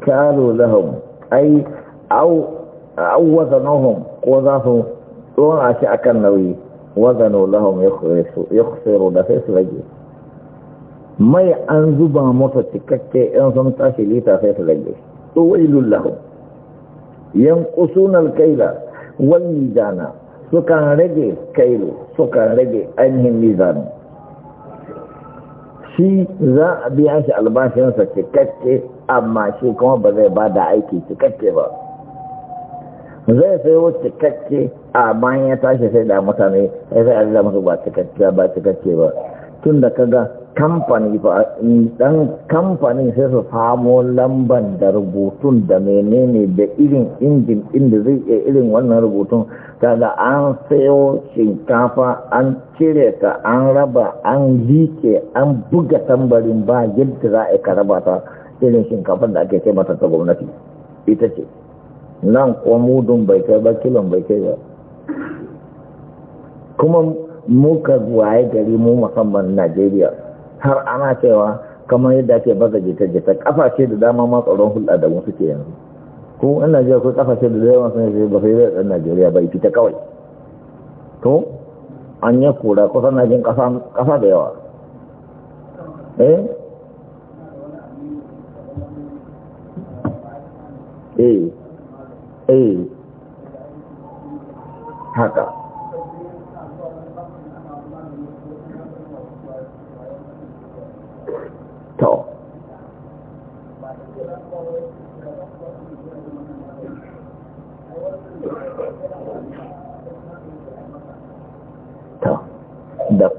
kalo lahum ai au wazanuhum ko za su tsora shi akan nauyi wazanu lahum ya da sai su rage mai an zuba mota cikakke in sun tashi lita sai su rage yan kusunar kaila wani zana sukan rage kailu sukan rage ainihin nizami shi za a biya shi albashinsa cikakke amma shi kuma ba zai ba da aiki cikakke ba zai sayo cikakke bayan ya tashi sai da mutane ya sai a su ba ba cikakke ba tun da kaga kamfani ba dan kamfanin sai su samo lamban da rubutun da menene da irin injin inda zai iya irin wannan rubutun kaga an sayo shinkafa an cire ta an raba an like an buga tambarin ba yadda za a ka raba ta irin shinkafa da ake kai mata gwamnati ita ce nan kuma mudun bai kai ba kilon bai kai ba kuma muka zuwa gari mu musamman najeriya har ana cewa kamar yadda ake baza jita-jita kafa ce da dama ma tsoron hulɗa da wasu ke yanzu ko an najeriya ko kafa ce da dama sun yi ba sai zai najeriya ba fita kawai to an yi kura kusan na jin kafa da yawa eh eh eh haka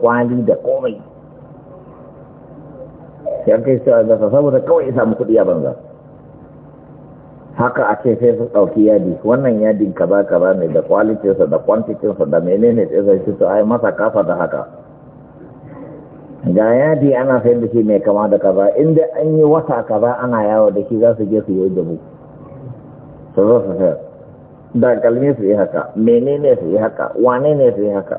kwali da komai sai kai sai da saboda kawai ya samu kuɗi a banza haka a ce sai su ɗauki yadi wannan yadin kaza ba ne da kwalitinsa da kwantitinsa da menene sai su su ai masa kafa da haka ga yadi ana sai da shi mai kama da kaza inda an yi wata kaza ana yawo da shi za su je su yi dabu su zo su sayar da kalmi su yi haka menene su yi haka wane ne su yi haka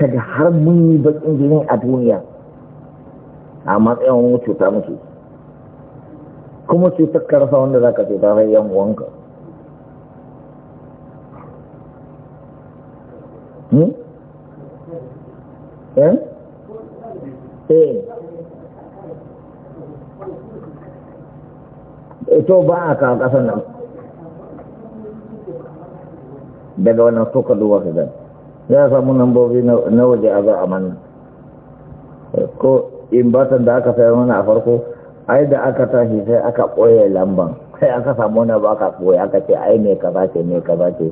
Ka kada har mun yi bakin jini a duniya a matsayin mu cuta muke kuma cutar ka rasa wanda za ka cuta sai yan uwanka Hmm? Eh? Eh. ito eh, ba a kawo ƙasar nan daga wannan suka duwa ka gani ya samu nambobi na waje a za a manna ko inverter da aka sayar mana a farko ai da aka tashi sai aka ɓoye lamban sai aka samu na ba ka ɓoye aka ce ai mai ba ce mai ba ce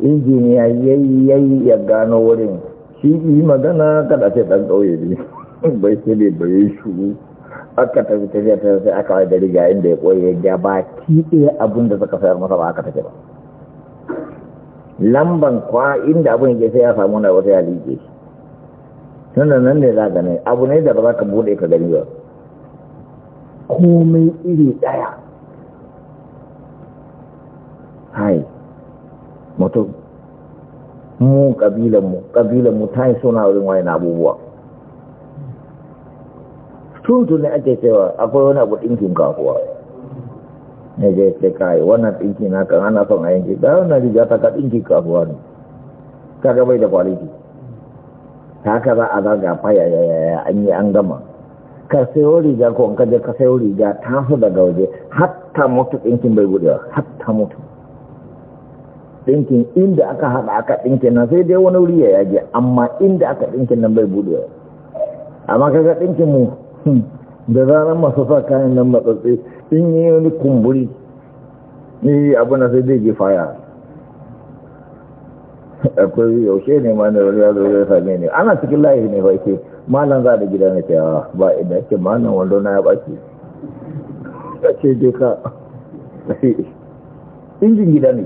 injiniya yayi yayi ya gano wurin shi yi magana kada ce dan ƙauye ne bai sai ne bai shi aka tafi tafiya ta sai aka wai da riga inda ya ɓoye ya ba ki ɗaya abin da suka sayar masa ba aka tafi ba lamban kwa inda abin yake sai ya samu na wata ya liƙe da nan ne za ka ne abu ne da ba za ka bude ka gani ba komai iri ɗaya hai mutum mu ƙabilanmu mu ta yi suna wurin wani abubuwa tuntun ne ake cewa akwai wani abu ɗinkin kakuwa ya je wana kai wannan na kan ana son a yanki da wannan riga ta ka ɗinki ka ne ka ga bai da kwaliki haka za ya ya ya ya an yi an gama ka sayo riga ko ka je ka sayo riga ta su daga waje hatta mutu ɗinkin bai buɗewa hatta mutu ɗinkin inda aka haɗa aka ɗinkin nan sai dai wani wuri ya yage amma inda aka ɗinkin nan bai buɗewa amma kaga ɗinkin mu hmm. da zarar masu sa kayan nan matsatsi in yi wani kumburi ni abu na sai zai je faya akwai yaushe ne ma ne wani ya zai zai same ni ana cikin layi ne ba malan za da gida na ce ah, ba inda ke malan wando na ya baki ya ce je ka injin gida ne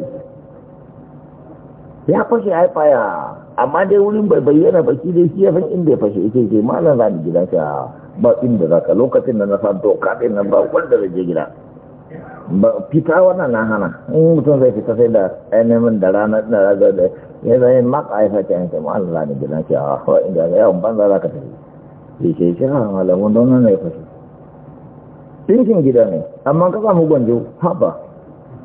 ya fashe haifaya amma dai wurin bai bayyana ba shi dai shi ya inda ya fashe ita ce malam za ni gida ka ba inda za ka lokacin da na sa doka ɗin nan ba wanda zai je gida ba fita wannan na hana in mutum zai fita sai da ainihin da rana da raga da ya zai maka aifa ta yanke malam za ni gida ka ba inda za yawon banza za ka tafi ya ce shi ah, ha malamun don nan ya fashe Tinkin gida ne amma ka samu gwanjo haba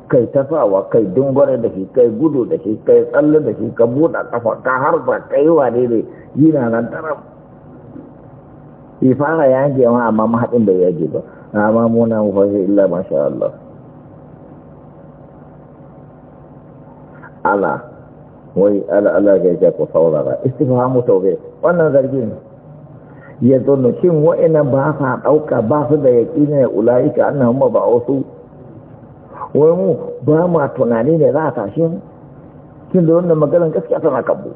kai ta sawa kai dungware da shi kai gudu da shi kai tsalle da shi ka buɗa kafa ka harba kai wane ne yana nan taraf fara yage ma amma mahaɗin bai yage ba amma muna mu fashe illa masha Allah ala wai ala ala ga ya ku saurara Istifa, istifhamu tawbe wannan zargi ne ya zanna shin wa'ina ba sa ɗauka ba su da yaƙi ne ula'ika annahum ba wasu wai mu ba ma tunani ne za a tashi da wannan maganar gaskiya tana kabu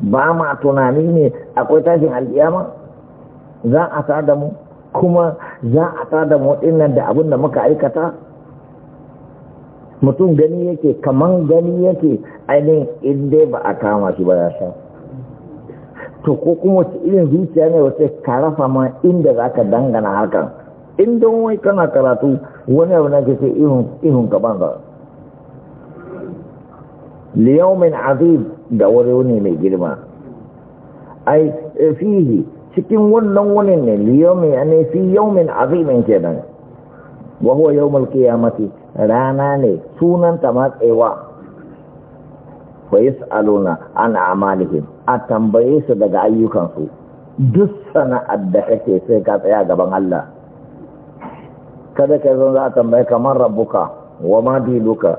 ba ma tunani ne akwai tashin alƙiyama za a da mu kuma za a da mu dinnan da abin da muka aikata mutum gani yake kaman gani yake ainihin in dai ba a kama shi ba ya sha to ko kuma irin zuciya ne wace ka rafa ma inda za ka dangana hakan inda wai kana karatu wani abu na ke ihun ka banza liyaumin azib da wani wani mai girma ai eh, fihi cikin wannan wani ne liyaumin ya ne fi yaumin azimin kenan yau mulki ya mati rana ne sunan ta matsewa wa yas'aluna an a'malihim a tambaye su daga ayyukansu duk sana'ar da kake sai ka tsaya gaban Allah kada ka zan za a tambaye kamar rabuka wa ma diluka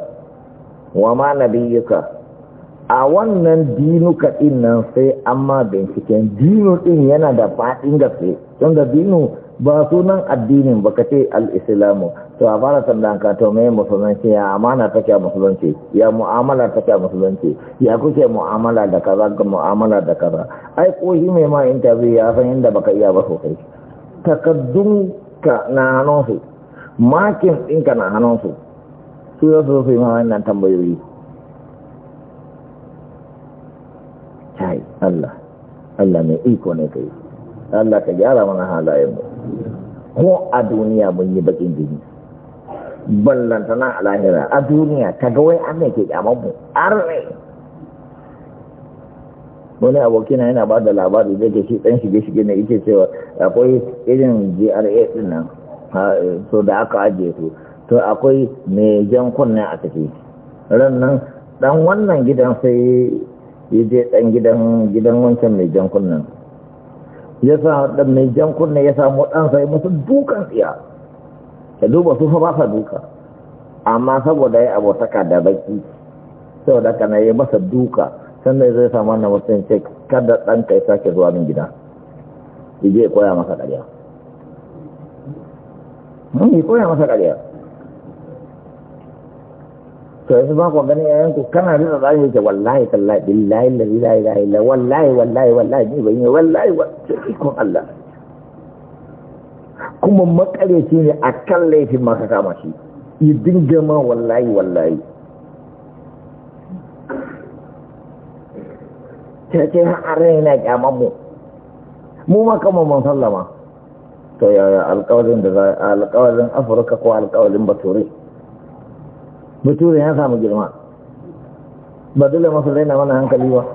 wa ma nabiyuka a wannan dinuka din nan sai amma binciken dinu din yana da faɗin gaske don da dinu ba sunan addinin ba kace ce al'islamu to a fara tambayan ka to mai musulunci ya amana ta a musulunci ya mu'amala ta a musulunci ya kuke mu'amala da kaza ga mu'amala da kaza ai ko shi mai ma interview ya san inda baka iya ba sosai takaddun ka na hannun makin ɗinka na hannunsu su yau sun fi yi wannan tambayoyi kai Allah Allah mai iko ne kai Allah ka gyara mana halayenmu ko a duniya mun yi bakin jini ballanta a lahira a duniya ka ga wai an ne ke kyamanmu arne wani abokina yana ba da labari zai ke shi ɗan shige-shige na ita cewa akwai irin gra din nan Eh, so da aka ajiye su to akwai mai jan kunne a ciki rannan dan wannan gidan sai ya je dan gidan gidan wancan mai jan kunnen ya sa dan mai jan kunne ya samu dan sai musu dukan tsiya ka duba su fa ba sa duka amma saboda ya abotaka da baki da kana yi masa duka sannan zai samu wannan mutum ce kada dan kai sake zuwa min gida ya koya masa ƙarya mun yi koya masa ƙarya to yanzu ba ku gani yayin ku kana da da zai ce wallahi tallahi billahi la ilaha illa wallahi wallahi wallahi ni bai ne wallahi wallahi kun Allah kuma shi ne a kan laifin maka kama shi yi dinga ma wallahi wallahi Ta ce har yana kyaman mu mu ma kama mun sallama to yaya alƙawarin da za a alƙawarin afirka ko alƙawarin bature bature ya samu girma ba dole masu raina mana hankali ba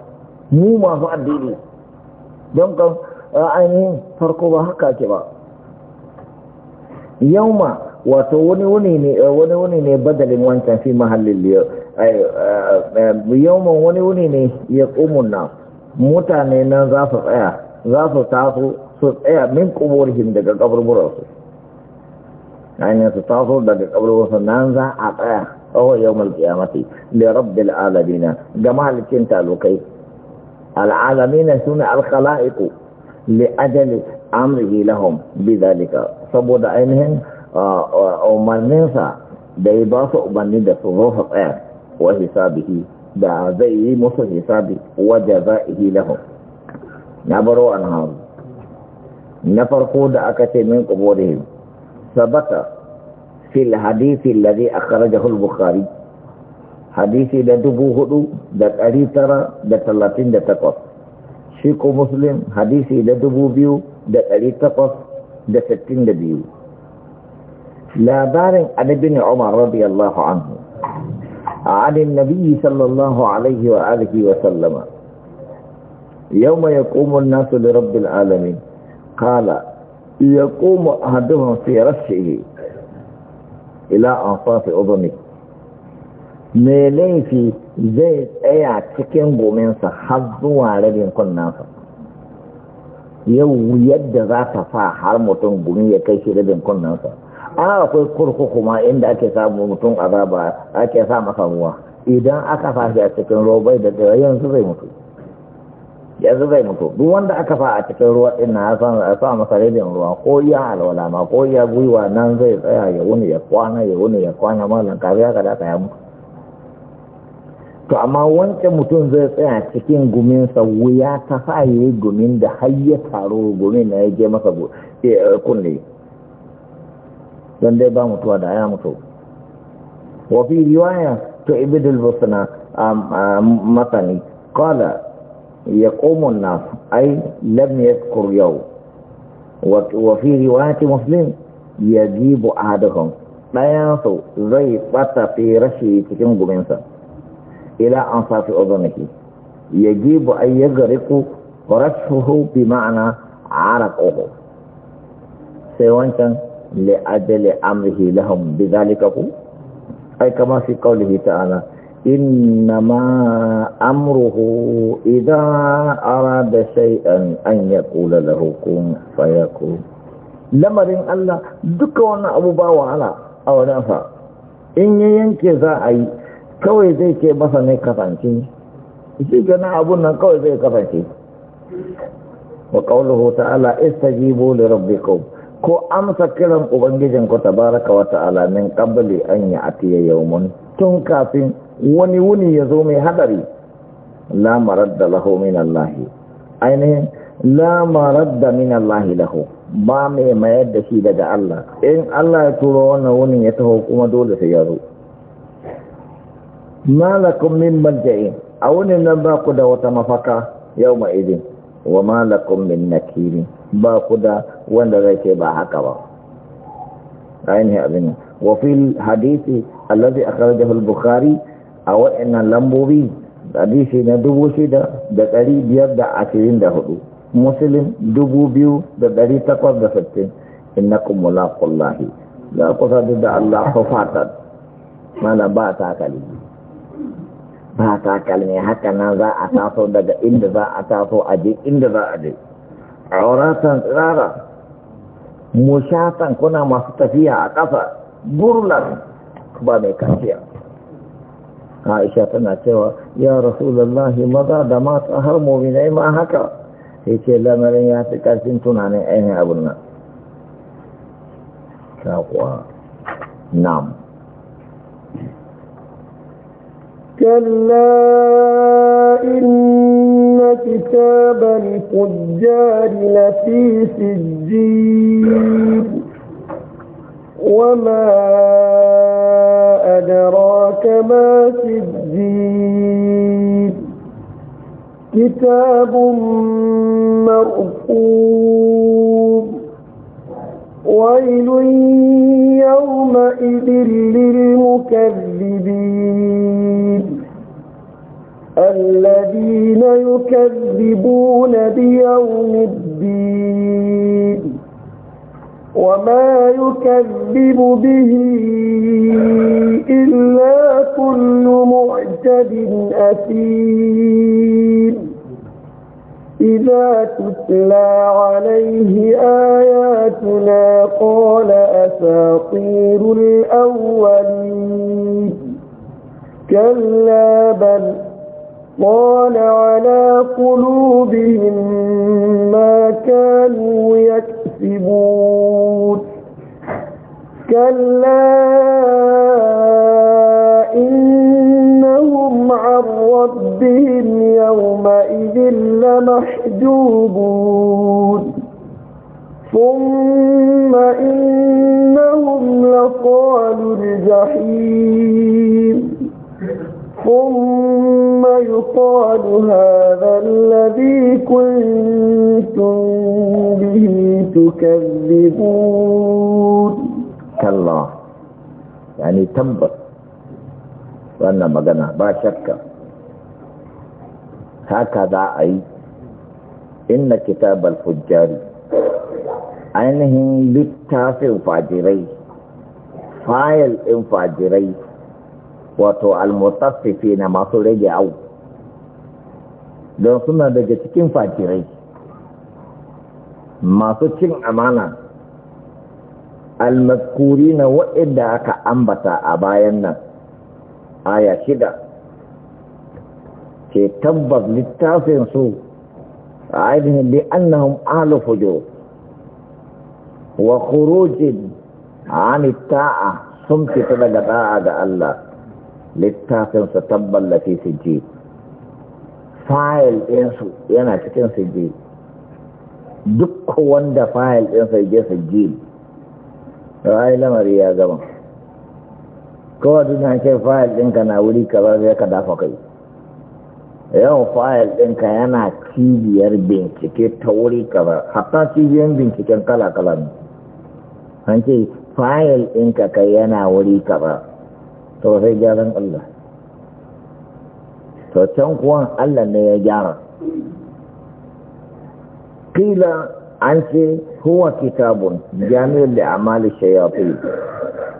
mu masu addini don kan ra'ayin farko ba haka ke ba yau ma wato wani wani ne wani wani ne badalin wancan fi mahallin liyo yau ma wani wuni ne ya ƙumun mutane nan za su tsaya za su taso ان يكون هناك تسئ من قبورهم دك قبر براسو يعني هناك دك قبر براسو نانزا عطاه هو يوم القيامة لرب العالمين جمال كنت لكي العالمين سنع الخلائق لأجل أمره لهم هناك سبود أينهن ومن ننسى ديباسو بندد سروفق إيه وحسابه دعزيه مصر حسابه وجزائه لهم نبرو أنهار na farko da aka ce min quburihim sabata fil hadisi alladhi akhrajahu al bukari hadisi da dubu hudu da ɗari tara da talatin da takwas shi ko muslim hadisi da dubu biyu da ɗari takwas da sittin da biyu labarin anabin umar radiyallahu anhu a adin nabiyyi sallallahu alaihi wa alihi wa sallama yau mai ya nasu da rabbin alamin قال يقوم أحدهم في رسعه إلى أنصاف أذنه mai laifi zai tsaya cikin gominsa har zuwa rabin kunnansa yau yadda za ta sa har mutum gumi ya kai shi rabin kunnansa ana akwai kurkuku ma inda ake sa mutum azaba ake sa masa ruwa idan aka fashi a cikin robai da yanzu zai mutu yanzu zai mutu duk wanda aka fa a cikin ruwa din na ya sa masa rabin ruwa ko ya alwala ma ko ya gwiwa nan zai tsaya ya wuni ya kwana ya wuni ya kwana mallan kariya ka da ka ya mutu to amma wancan mutum zai tsaya cikin guminsa wuya ta sa yayi gumin da har ya taro gumin na ya je masa eh, kunne dan dai ba mutuwa da ya mutu wafi riwaya to ibdul busna masani qala na ai أي لم يذكر يوم وفي رواية مسلم يجيب أحدهم ɗayansu zai ɓata fi rashi cikin guminsa ila an safi ozoniki ya gibu ai ya gari ku rashuhu bi ma'ana araquhu sai wancan li amrihi lahum bi zalika ku ai kama fi qawlihi ta'ala إنما أمره إذا أراد شيئا أن يقول له كن فيكون lamarin Allah duka wannan abu ba wahala a wadansa in ya yanke za a yi kawai zai ke masa ne kasance shi gana abun kawai zai kasance wa ƙaunar ta'ala istajibu li rabbikum ko amsa kiran ubangijin ku tabaraka wa ta'ala min qabli an ya'tiya yawmun tun kafin wani wuni ya zo mai hadari la maradda lahu min Allah ainihin la maradda min Allah lahu ba mai mayar da shi daga Allah in Allah ya turo wannan wuni ya taho kuma dole sai ya zo malakum min malja'in a wani nan ba ku da wata mafaka yau ma idin wa malakun min nakiri ba ku da wanda zai ce ba haka ba ainihin abin wa hadisi allazi akhrajahu al-bukhari a wa'annan lambobi hadisi na dubu shida da ɗari biyar da ashirin da hudu muslim dubu biyu da ɗari takwas da sittin kusa da Allah hufatat mana ba ta kalibi ba takalmi haka na za a taso daga inda za a taso a inda za a je auratan tsirara mushatan kuna masu tafiya a ƙasa burlan ba mai kaciya aisha tana cewa ya rasulallahi maza da mata har mominai ma haka sai ce lamarin ya fi karfin tunanin ainihin abin nan kuwa nam كلا إن كتاب الفجار لفي سجين وما أدراك ما سجين كتاب مرفوض ويل يومئذ للمكذبين الذين يكذبون بيوم الدين وما يكذب به إلا كل معتد أثيم إذا تتلى عليه آياتنا قال أساطير الأولين كلا بل قال على قلوبهم ما كانوا يكسبون كلا إن عن ربهم يومئذ لمحجوبون ثم إنهم لقالوا الجحيم ثم يقال هذا الذي كنتم به تكذبون كلا يعني تم wannan magana ba shakka haka za a yi inna kitabal fujjari ainihin littafin fajirai fayil ɗin fajirai wato almutaffifi na masu rage au don suna daga cikin fajirai masu cin amana almaskuri na waɗanda aka ambata a bayan nan aya shida ke tabbas littafin su a ainihin bi annahum ahlu fujo wa khurujin an ta'a sun fita daga da'a ga Allah littafin su tabballafi su ji fayil ɗinsu yana cikin su duk wanda fayil ɗinsa ya je su ra'ayi lamari ya gama kawai duniya ce fayil ɗinka na wuri ka zai ka dafa kai yau fayil ɗinka yana cibiyar bincike ta wuri ka ba hatta cibiyar binciken kala-kala ne an ce fayil ɗinka kai yana wuri ka ba to sai gyaran Allah to can kuwa Allah ne ya gyara kila an ce huwa kitabun jami'ar da amali shayafi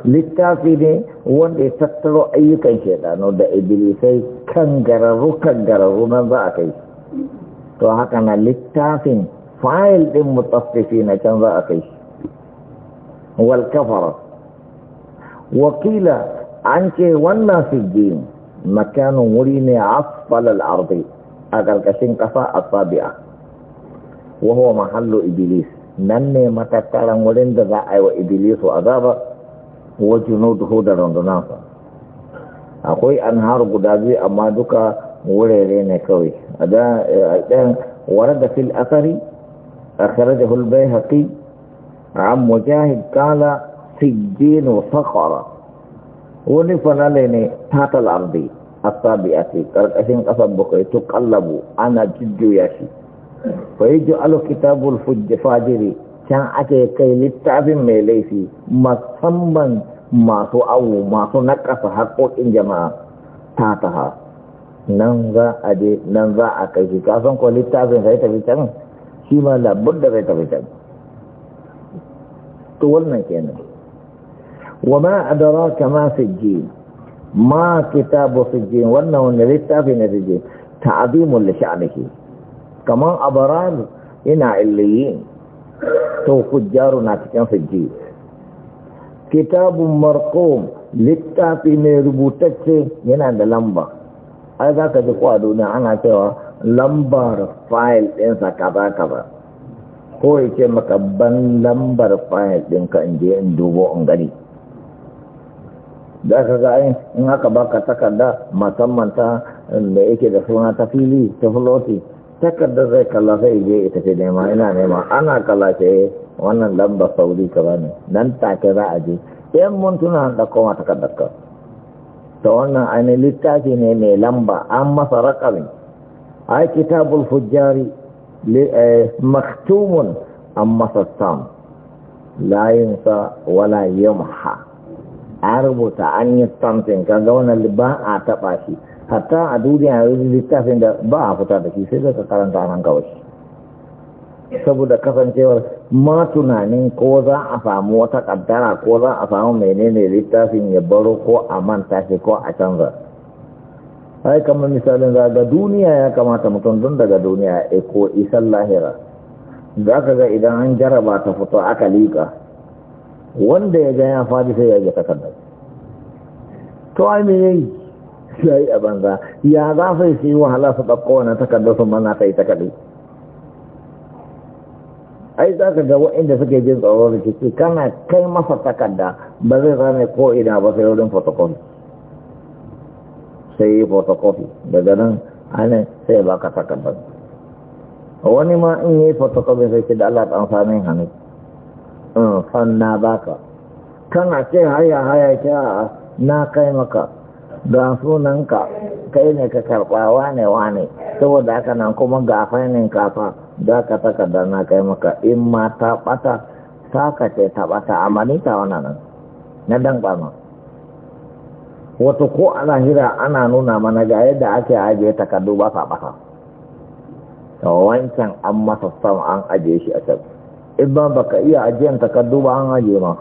littafi ne wanda ya tattaro ayyukan shaidano da ibilisai kan gararru kan gararru nan za a kai to haka na littafin fayil ɗin mutsaffifi na can za a kai wal kafara wakila an ce wannan sijjin makanin wuri ne a asfalal ardi a ƙarƙashin ƙasa a sabi'a wahuwa mahallo ibilis. nan ne matattaran wurin da za a yi wa ibilisu azaba wa junuduhu da rundunansa akwai an har guda biyu amma duka wurare ne kawai a ɗan ورد في الأثر أخرجه البيهقي عن مجاهد قال سجين صخرة ونفنا لني تحت الأرض الطابئة كركشين قصب بقي تقلب أنا جد ياشي فيجعل كتاب الفجر فاجري كان أكي كي للتعب ميليسي مصمم masu awo masu nakasa haƙoƙin jama'a ta taha nan za a je nan za a kai shi kasan ko littafin sai tafi can shi ma labar da zai tafi can to wannan kenan wa ma adara kama sijjin ma kitabu sijjin wannan wanda littafi ta azimu ta'zimul li sha'nihi kaman abrar ina illiyin to hujjaru na cikin sijjin kitabun marqum littafi mai rubutacce yana da lamba ai za ka ji kwado na ana cewa lambar fayil ɗinsa ka ba ko ya ce maka ban lambar fayil ɗinka in je in dubo in gani da ka ga in haka baka takarda musamman ta da yake da suna ta fili ta floti takardar zai kalla sai je ita ce nema ina nema ana kalla ce eh, wannan lamba sauri ka bane nan take za a je yan mun tuna da koma takardar ka to wannan ainihin littafi ne mai lamba an masa rakami a kitabul fujjari eh, maktumun an masa sam layinsa wala yamha a rubuta an yi samsin ga wannan ba a taɓa shi hatta a duniya yanzu littafin da ba a fita da shi sai da ka karanta a nan kawai saboda kasancewar ma tunanin ko za a samu wata kaddara ko za a samu menene littafin ya baro ko a manta shi ko a canza ai kamar misalin za ga duniya ya kamata mutum don daga duniya ya ko isan lahira za ka ga idan an jaraba ta fito aka liƙa wanda ya ga ya faɗi sai ya ga takardar to ai me yayi sai a banza ya za su yi wahala su ɗauko wani takardar su mana ta yi takardu ai za ka ga waɗanda suke jin tsoron rikici kana kai masa takarda ba zai zane ko ina ba sai wurin fotokofi. sai yi fotokofi daga nan ana sai ba ka takardar wani ma in yi fotokofi sai ce da Allah ta sami hannu in mm, fanna baka kana ce haya haya ki a na kai maka don sunanka kai ne ka karɓa wane wane saboda haka nan kuma ga fainin kafa za ka taka da na kai maka in ma ta ɓata ta ka ce ta ɓata amma ni ta nan na dan ɓama wato ko a lahira ana nuna mana ga yadda ake ajiye takardu ba sa ɓata to wancan an masa sama an ajiye shi a can in ba baka iya ajiyan takardu ba an ajiye ma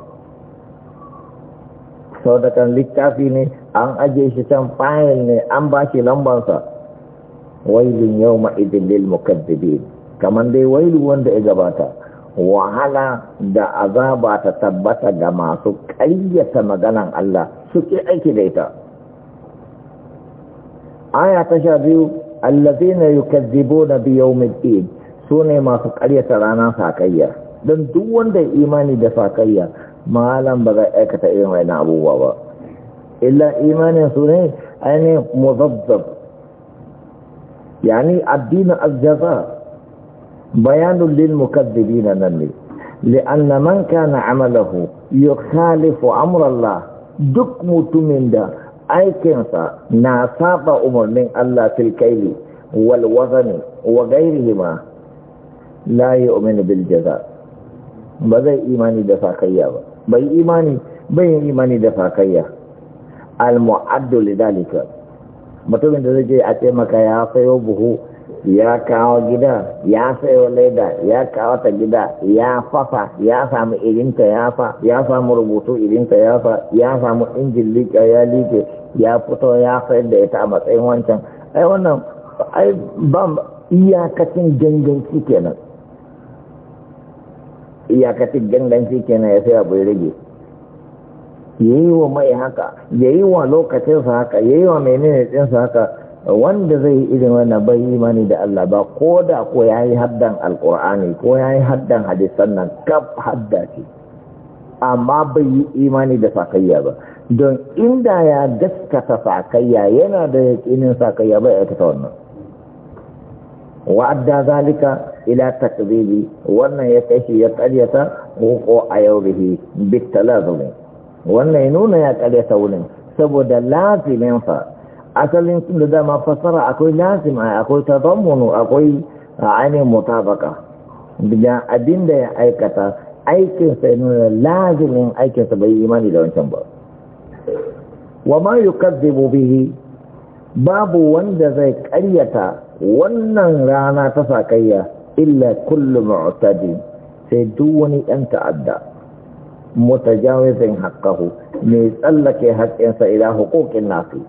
sau da kan littafi ne an aje shi can fayil ne an ba shi lambansa wailin yau ma'idin lil mukaddibin kamar dai wailu wanda ya gabata wahala da azaba ta tabbata ga masu ƙayyata maganan Allah suke aiki da ita aya ta sha biyu allazina na bi yawmid Su ne masu ƙaryata ranar sakayya don duk wanda ya imani da sakayya malam ba za zai aikata irin wani abubuwa ba illa imanin su ne ainihin muzazzab yani addinin aljaza bayanun lil na nan ne li'anna man kana amalahu yukhalifu amrallah duk mutumin da aikinsa na saba umarnin Allah filkaili kaili wal wazani wa ghairihima la bil jaza ba zai imani da fakayya ba bai imani bai imani da fakayya al-mu'addu lidalika mutumin da zai a ce maka ya sayo buhu ya kawo gida ya sayo leda ya kawo ta gida ya fafa ya samu irinta ya fa ya samu rubutu irinta ya fa ya samu injin liƙa ya liƙe ya fito ya sayar da ita a matsayin wancan ai wannan ai ban iyakacin ganganci kenan iyakacin ganganci kenan ya sai abu ya rage ya yi wa mai haka ya yi wa lokacinsa haka ya yi wa menene ɗinsa haka wanda zai yi irin wani bai imani da Allah ba ko da ko ya yi haddan alkur'ani ko ya yi haddan hadisan nan kaf hadda ce amma bai yi imani da sakayya ba don inda ya gaskata sakayya yana da yaƙinin sakayya bai ta wannan wa'adda zalika ila takzibi wannan ya kashi ya karyata ko a yau bihi lazumin wannan nuna ya ta wurin saboda laziminsa asalin sun da dama fassara akwai lazima akwai zammunu akwai a ainihin mutabaka da abin da ya aikata aikinsa ya nuna lazimin aikinsa bai imani da wancan ba wa ma yukazzibu bihi babu wanda zai karyata wannan rana ta sakayya illa kullum a sai duk wani ɗan ta'adda mutajawizin haqqahu mai tsallake haƙƙinsa ila huquqin nasu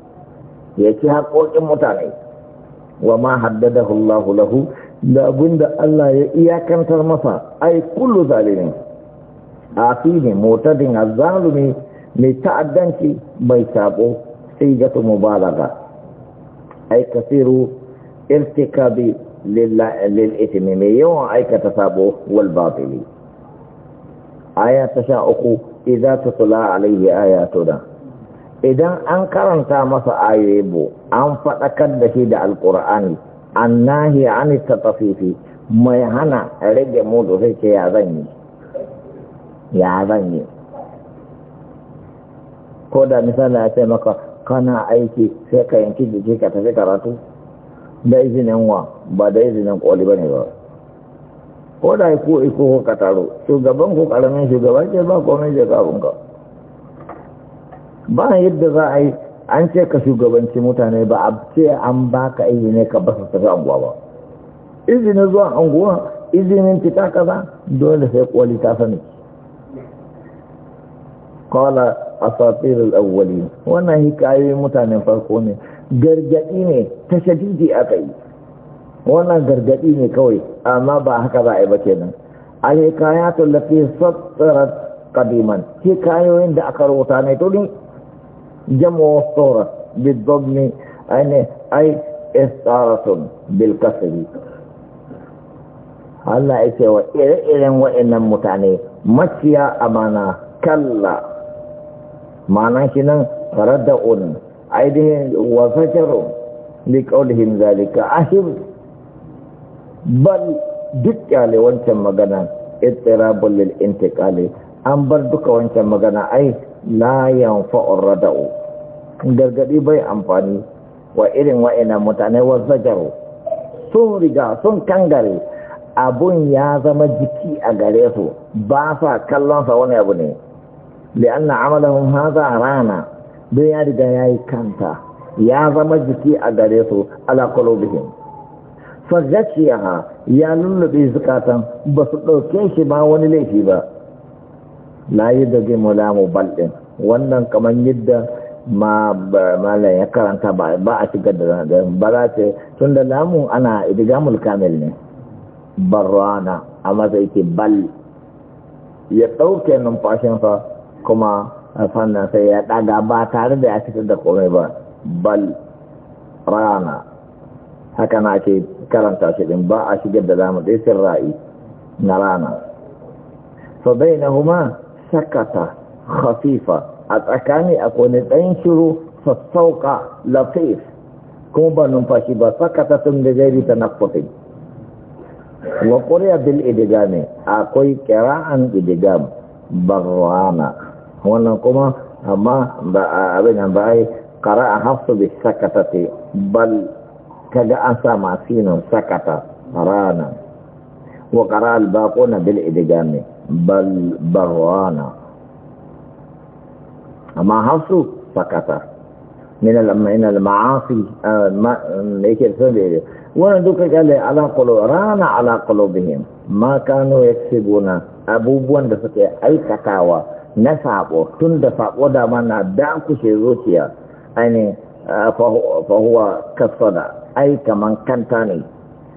ya ci haƙoƙin mutane wa ma haddada Allah lahu da abinda Allah ya iyakantar masa ai kullu zalimin ne motadin azalumi mai ta'addanci mai sabo sai ga mubalaga ai kasiru irtikabi lil itmi mai yawan aikata sabo wal batili aya ta sha uku idza tutla alaihi da idan an karanta masa ayoyi an faɗakar da shi da alqur'ani annahi an tatafifi mai hana rage mudu sai ce ya zan yi ya zan yi ko da misali ya ce maka kana aiki sai ka yanki jiki ka tafi karatu da izinin wa ba da izinin koli ba ne ba ko da ko iko ko ka taro shugaban ko karamin shugaban ke ba komai je ka ba yadda za a yi an ce ka shugabanci mutane ba a ce an ba baka ne ka basa tafi anguwa ba izinin zuwa anguwa izinin fita kaza dole sai koli ta sani kawala a safirar awwali wannan hikayoyin mutanen farko ne gargaɗi ne ta shadidi aka yi wannan gargaɗi ne kawai amma ba haka za a yi ba kenan tallafi lati ƙadiman? ke kayoyin da aka rubuta ne to din jamu A bidabni ne a yi bil bilkasari Allah ya ce wa ire-iren wa'annan mutane maciya amana kalla mana shi nan radda'un ainihin wasajarun liƙaunihin zalika ahim bal duk kyale wancan magana ittirabul lil intiqali an bar duka wancan magana ai la yanfa'ur rada'u gargadi bai amfani wa irin wa'ina mutane wa zajaru sun riga sun kangare abun ya zama jiki a gare su ba sa kallonsa wani abu ne li'anna amalahum hadha rana don ya riga yayi kanta ya zama jiki a gare su ala qulubihim fa ya lullube zukatan ba su ɗauke shi ba wani laifi ba Na yi lamu mulamu balɗin wannan kamar yadda ma mala ya karanta ba a shigar da ba za ce tun da lamu ana idigamul kamil ne barrana a maza yake bal ya ɗauke numfashinsa kuma a fannin sai ya ɗaga ba tare da ya fitar da komai ba bal rana haka na ake karanta shi din ba a shigar da zamu dai sun ra'i na rana fa kuma sakata khafifa a tsakani akwai ne dan shiru sassauka lafif kuma ba numfashi ba sakata tun da jari ta nafafi wa quriya bil ne akwai qira'an idgam barwana wannan kuma amma ba abin nan ba ai qara'a hafsu bis bal kaga an sa masinan sakata rana wa qara al baquna bil idgami bal barwana amma hasu sakata min al min al ma'asi eh, ma eh, yake sabe wannan duka kale ala qulu rana ala qulubihim ma kanu yaksibuna abubuwan da suke aikatawa na sabo tun da sabo da mana da kushe zuciya ainihin آه، فهو كالصدع أي كمن كنتاني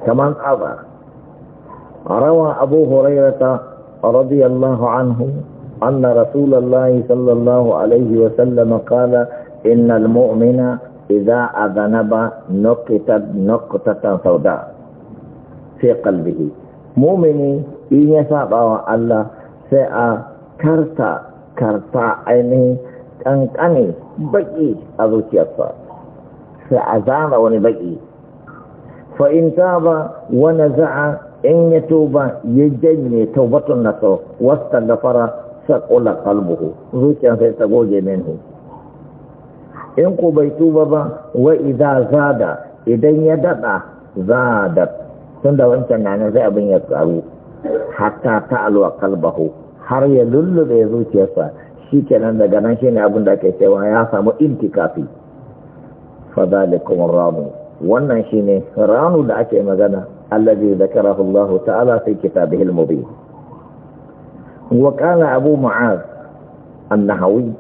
كمن أضع روى أبو هريرة رضي الله عنه أن رسول الله صلى الله عليه وسلم قال إن المؤمن إذا أذنب نقطة نقطة سوداء في قلبه مؤمن إن يسابع الله سأكرت كرتا كرتا عينه kankane baki a zuciyarsa sai a zana wani baki fa in taba wa in ya tuba ya janye taubatun naso wasta gafara saƙula kalbuhu zuciyar sai ta goge minhu in ku bai tuba ba wa idza zada idan ya dada zadat tun da wancan na zai abin ya tsaru hatta ta alwa kalbahu har ya lullube zuciyarsa shi kenan daga nan shine abin da ake cewa ya samu intikafi fadalikum ramu wannan shine ranu da ake magana allazi zakarahu Allah ta'ala fi kitabihi al-mubin wa qala abu mu'az an-nahawi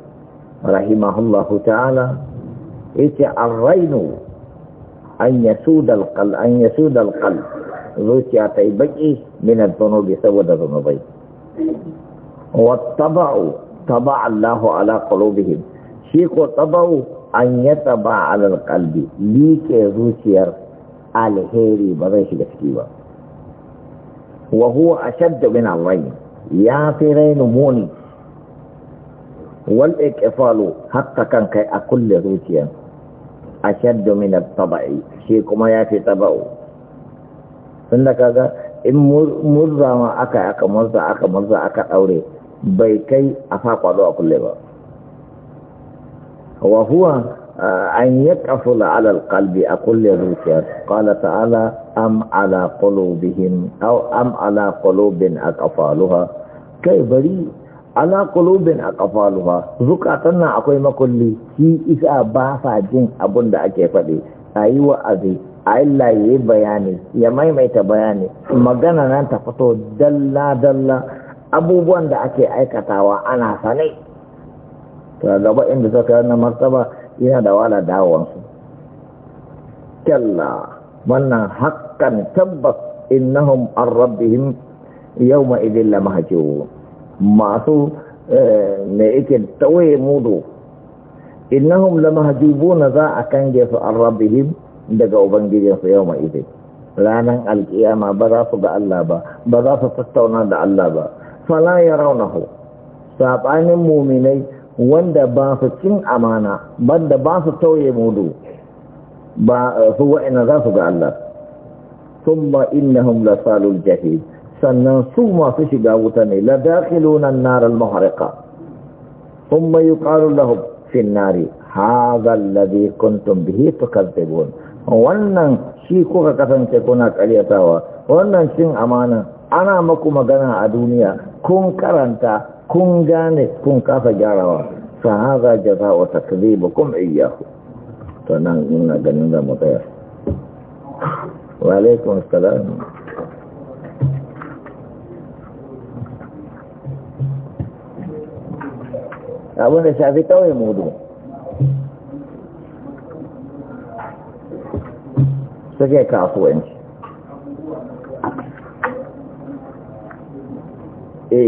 ta'ala yace ar-rainu an yasuda al-qalb an yasuda al zuciya ta yi baki min al-dhunubi saboda zunubai wa tabau taba Allahu ala qulubihim shi ko tabau an ya taba ala qalbi like zuciyar alheri ba zai shiga ciki ba wa huwa ashaddu min al-rayn ya fi rainu muni wal iqfalu hatta kan kai a kulle zuciyar ashaddu min at-tabai shi kuma ya fi tabau tunda kaga in murza ma aka aka murza aka murza aka daure bai kai a sa kwado a kulle ba wa huwa an yaqafu ala alqalbi a kulle zuciya qala ta'ala am ala qulubihim aw am ala qulubin aqfaluha kai bari ala qulubin aqfaluha zukatan na akwai makulli shi isa ba sa jin abun da ake faɗi ayi wa'azi Allah ya yi bayani ya maimaita bayani magana nan ta fito dalla dalla abubuwan da ake aikatawa ana sane to gaba inda suka na martaba yana da wala dawansu kyalla wannan hakan tabbas innahum an rabbihim yawma idin la mahjubun masu eh, me yake tawaye mudu innahum la mahjubun za a kange su an rabbihim daga ubangijinsu yawma idin ranar alkiyama ba za su ga Allah ba ba za su tattauna da Allah ba fala ya raunahu saɓanin muminai wanda ba su cin amana banda ba su tauye mudu ba su wa'ina za su ga Allah thumma innahum lasalul jahil sannan su masu shiga wuta ne la dakhiluna nan nar al-muhriqa thumma yuqalu lahum fi an-nari hadha alladhi kuntum bihi tukadzibun wannan shi kuka kasance kuna karyatawa wannan cin amana ana maku magana a duniya kun karanta kun gane kun kafa gyarawa fa hadha jazaa'u takdhibukum iyyahu to nan ina ganin da mutaya wa alaikum assalam abin da shafi kawai mudu suke kasuwanci eh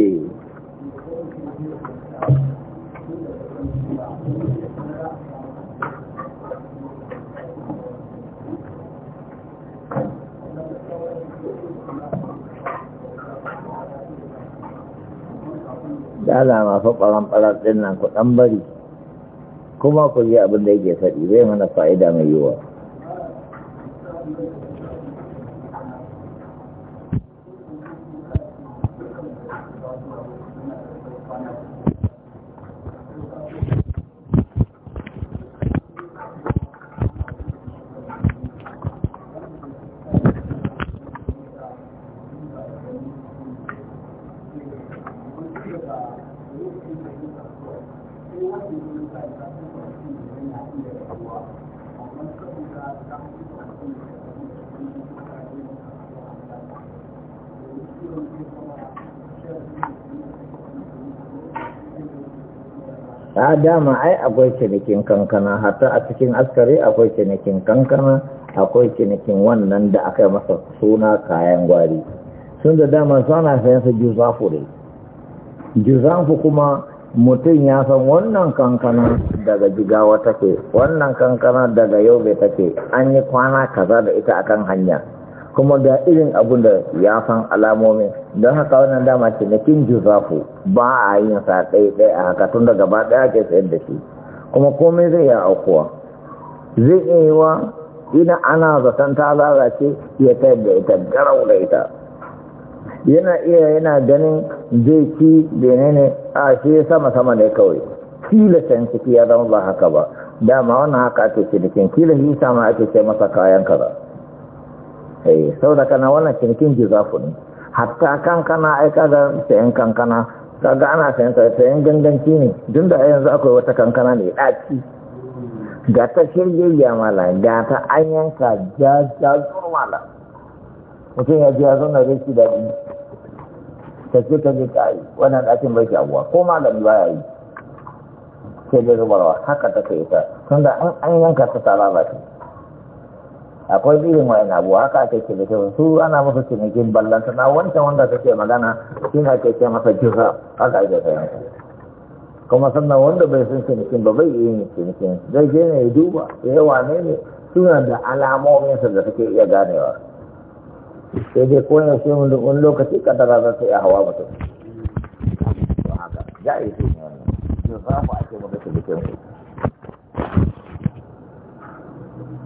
dala masu ɓaran-ɓaran ɗin nan ku ɗan bari kuma ku ji abin da yake faɗi zai mana fa'ida mai yiwuwa a dama ai akwai cinikin kankana hatta a cikin askari akwai cinikin kankana akwai cinikin wannan da aka yi masa suna kayan gwari sun da dama suna sayan su juzafu ne juzafu kuma mutum ya san wannan kankana daga jigawa take wannan kankana daga yobe take an yi kwana kaza da ita akan hanya kuma da irin abun da ya san alamomi, don haka wannan dama cinikin jirafu ba a yin sa ɗaya ɗaya a haka tun da gaba ɗaya ke sayar da shi kuma komai zai yi aukuwa zai iya yi wa ina ana zaton ta lalace ya ta da ita garau da ita yana iya yana ganin zai ci da ne a shi sama sama ne kawai kila can ciki ya zama ba haka ba dama wannan haka ake cinikin kila hisa ma ake ce masa kayan kaza eh saboda kana wannan cinikin jizafu ne hatta kankana aika kaga sayan kankana kaga ana sayan ta sayan ganganci ne duk da yanzu akwai wata kankana ne daki ga ta ya mala ga ta an yanka ja ja mala mutum ya ji ya zauna zai ci daɗi ta ce ta je ta wannan ɗakin bai shawuwa ko malami ba ya yi sai dai zubarwa haka ta kai ta tunda an yanka ta ta akwai irin wa'in abu haka ake ce da su ana masa cinikin ballanta na wancan wanda ta ce magana shi na ke ce masa jisa haka ake sayan kuma sannan wanda bai san cinikin ba bai yi cinikin zai je ne ya duba ya wane ne suna da alamominsa da suke iya ganewa sai dai ko ne yi wani lokaci kadara za su iya hawa mutum ya yi su ne wannan jisa ake maka cinikin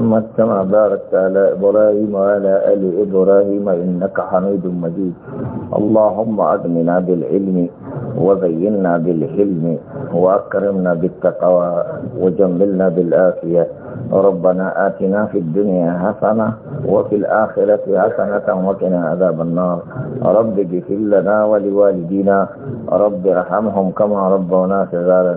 محمد كما باركت على إبراهيم وعلى آل إبراهيم إنك حميد مجيد اللهم أدمنا بالعلم وزينا بالحلم وأكرمنا بالتقوى وجملنا بالآفية ربنا آتنا في الدنيا حسنة وفي الآخرة حسنة وقنا عذاب النار رب اغفر لنا ولوالدينا رب ارحمهم كما ربونا صغارا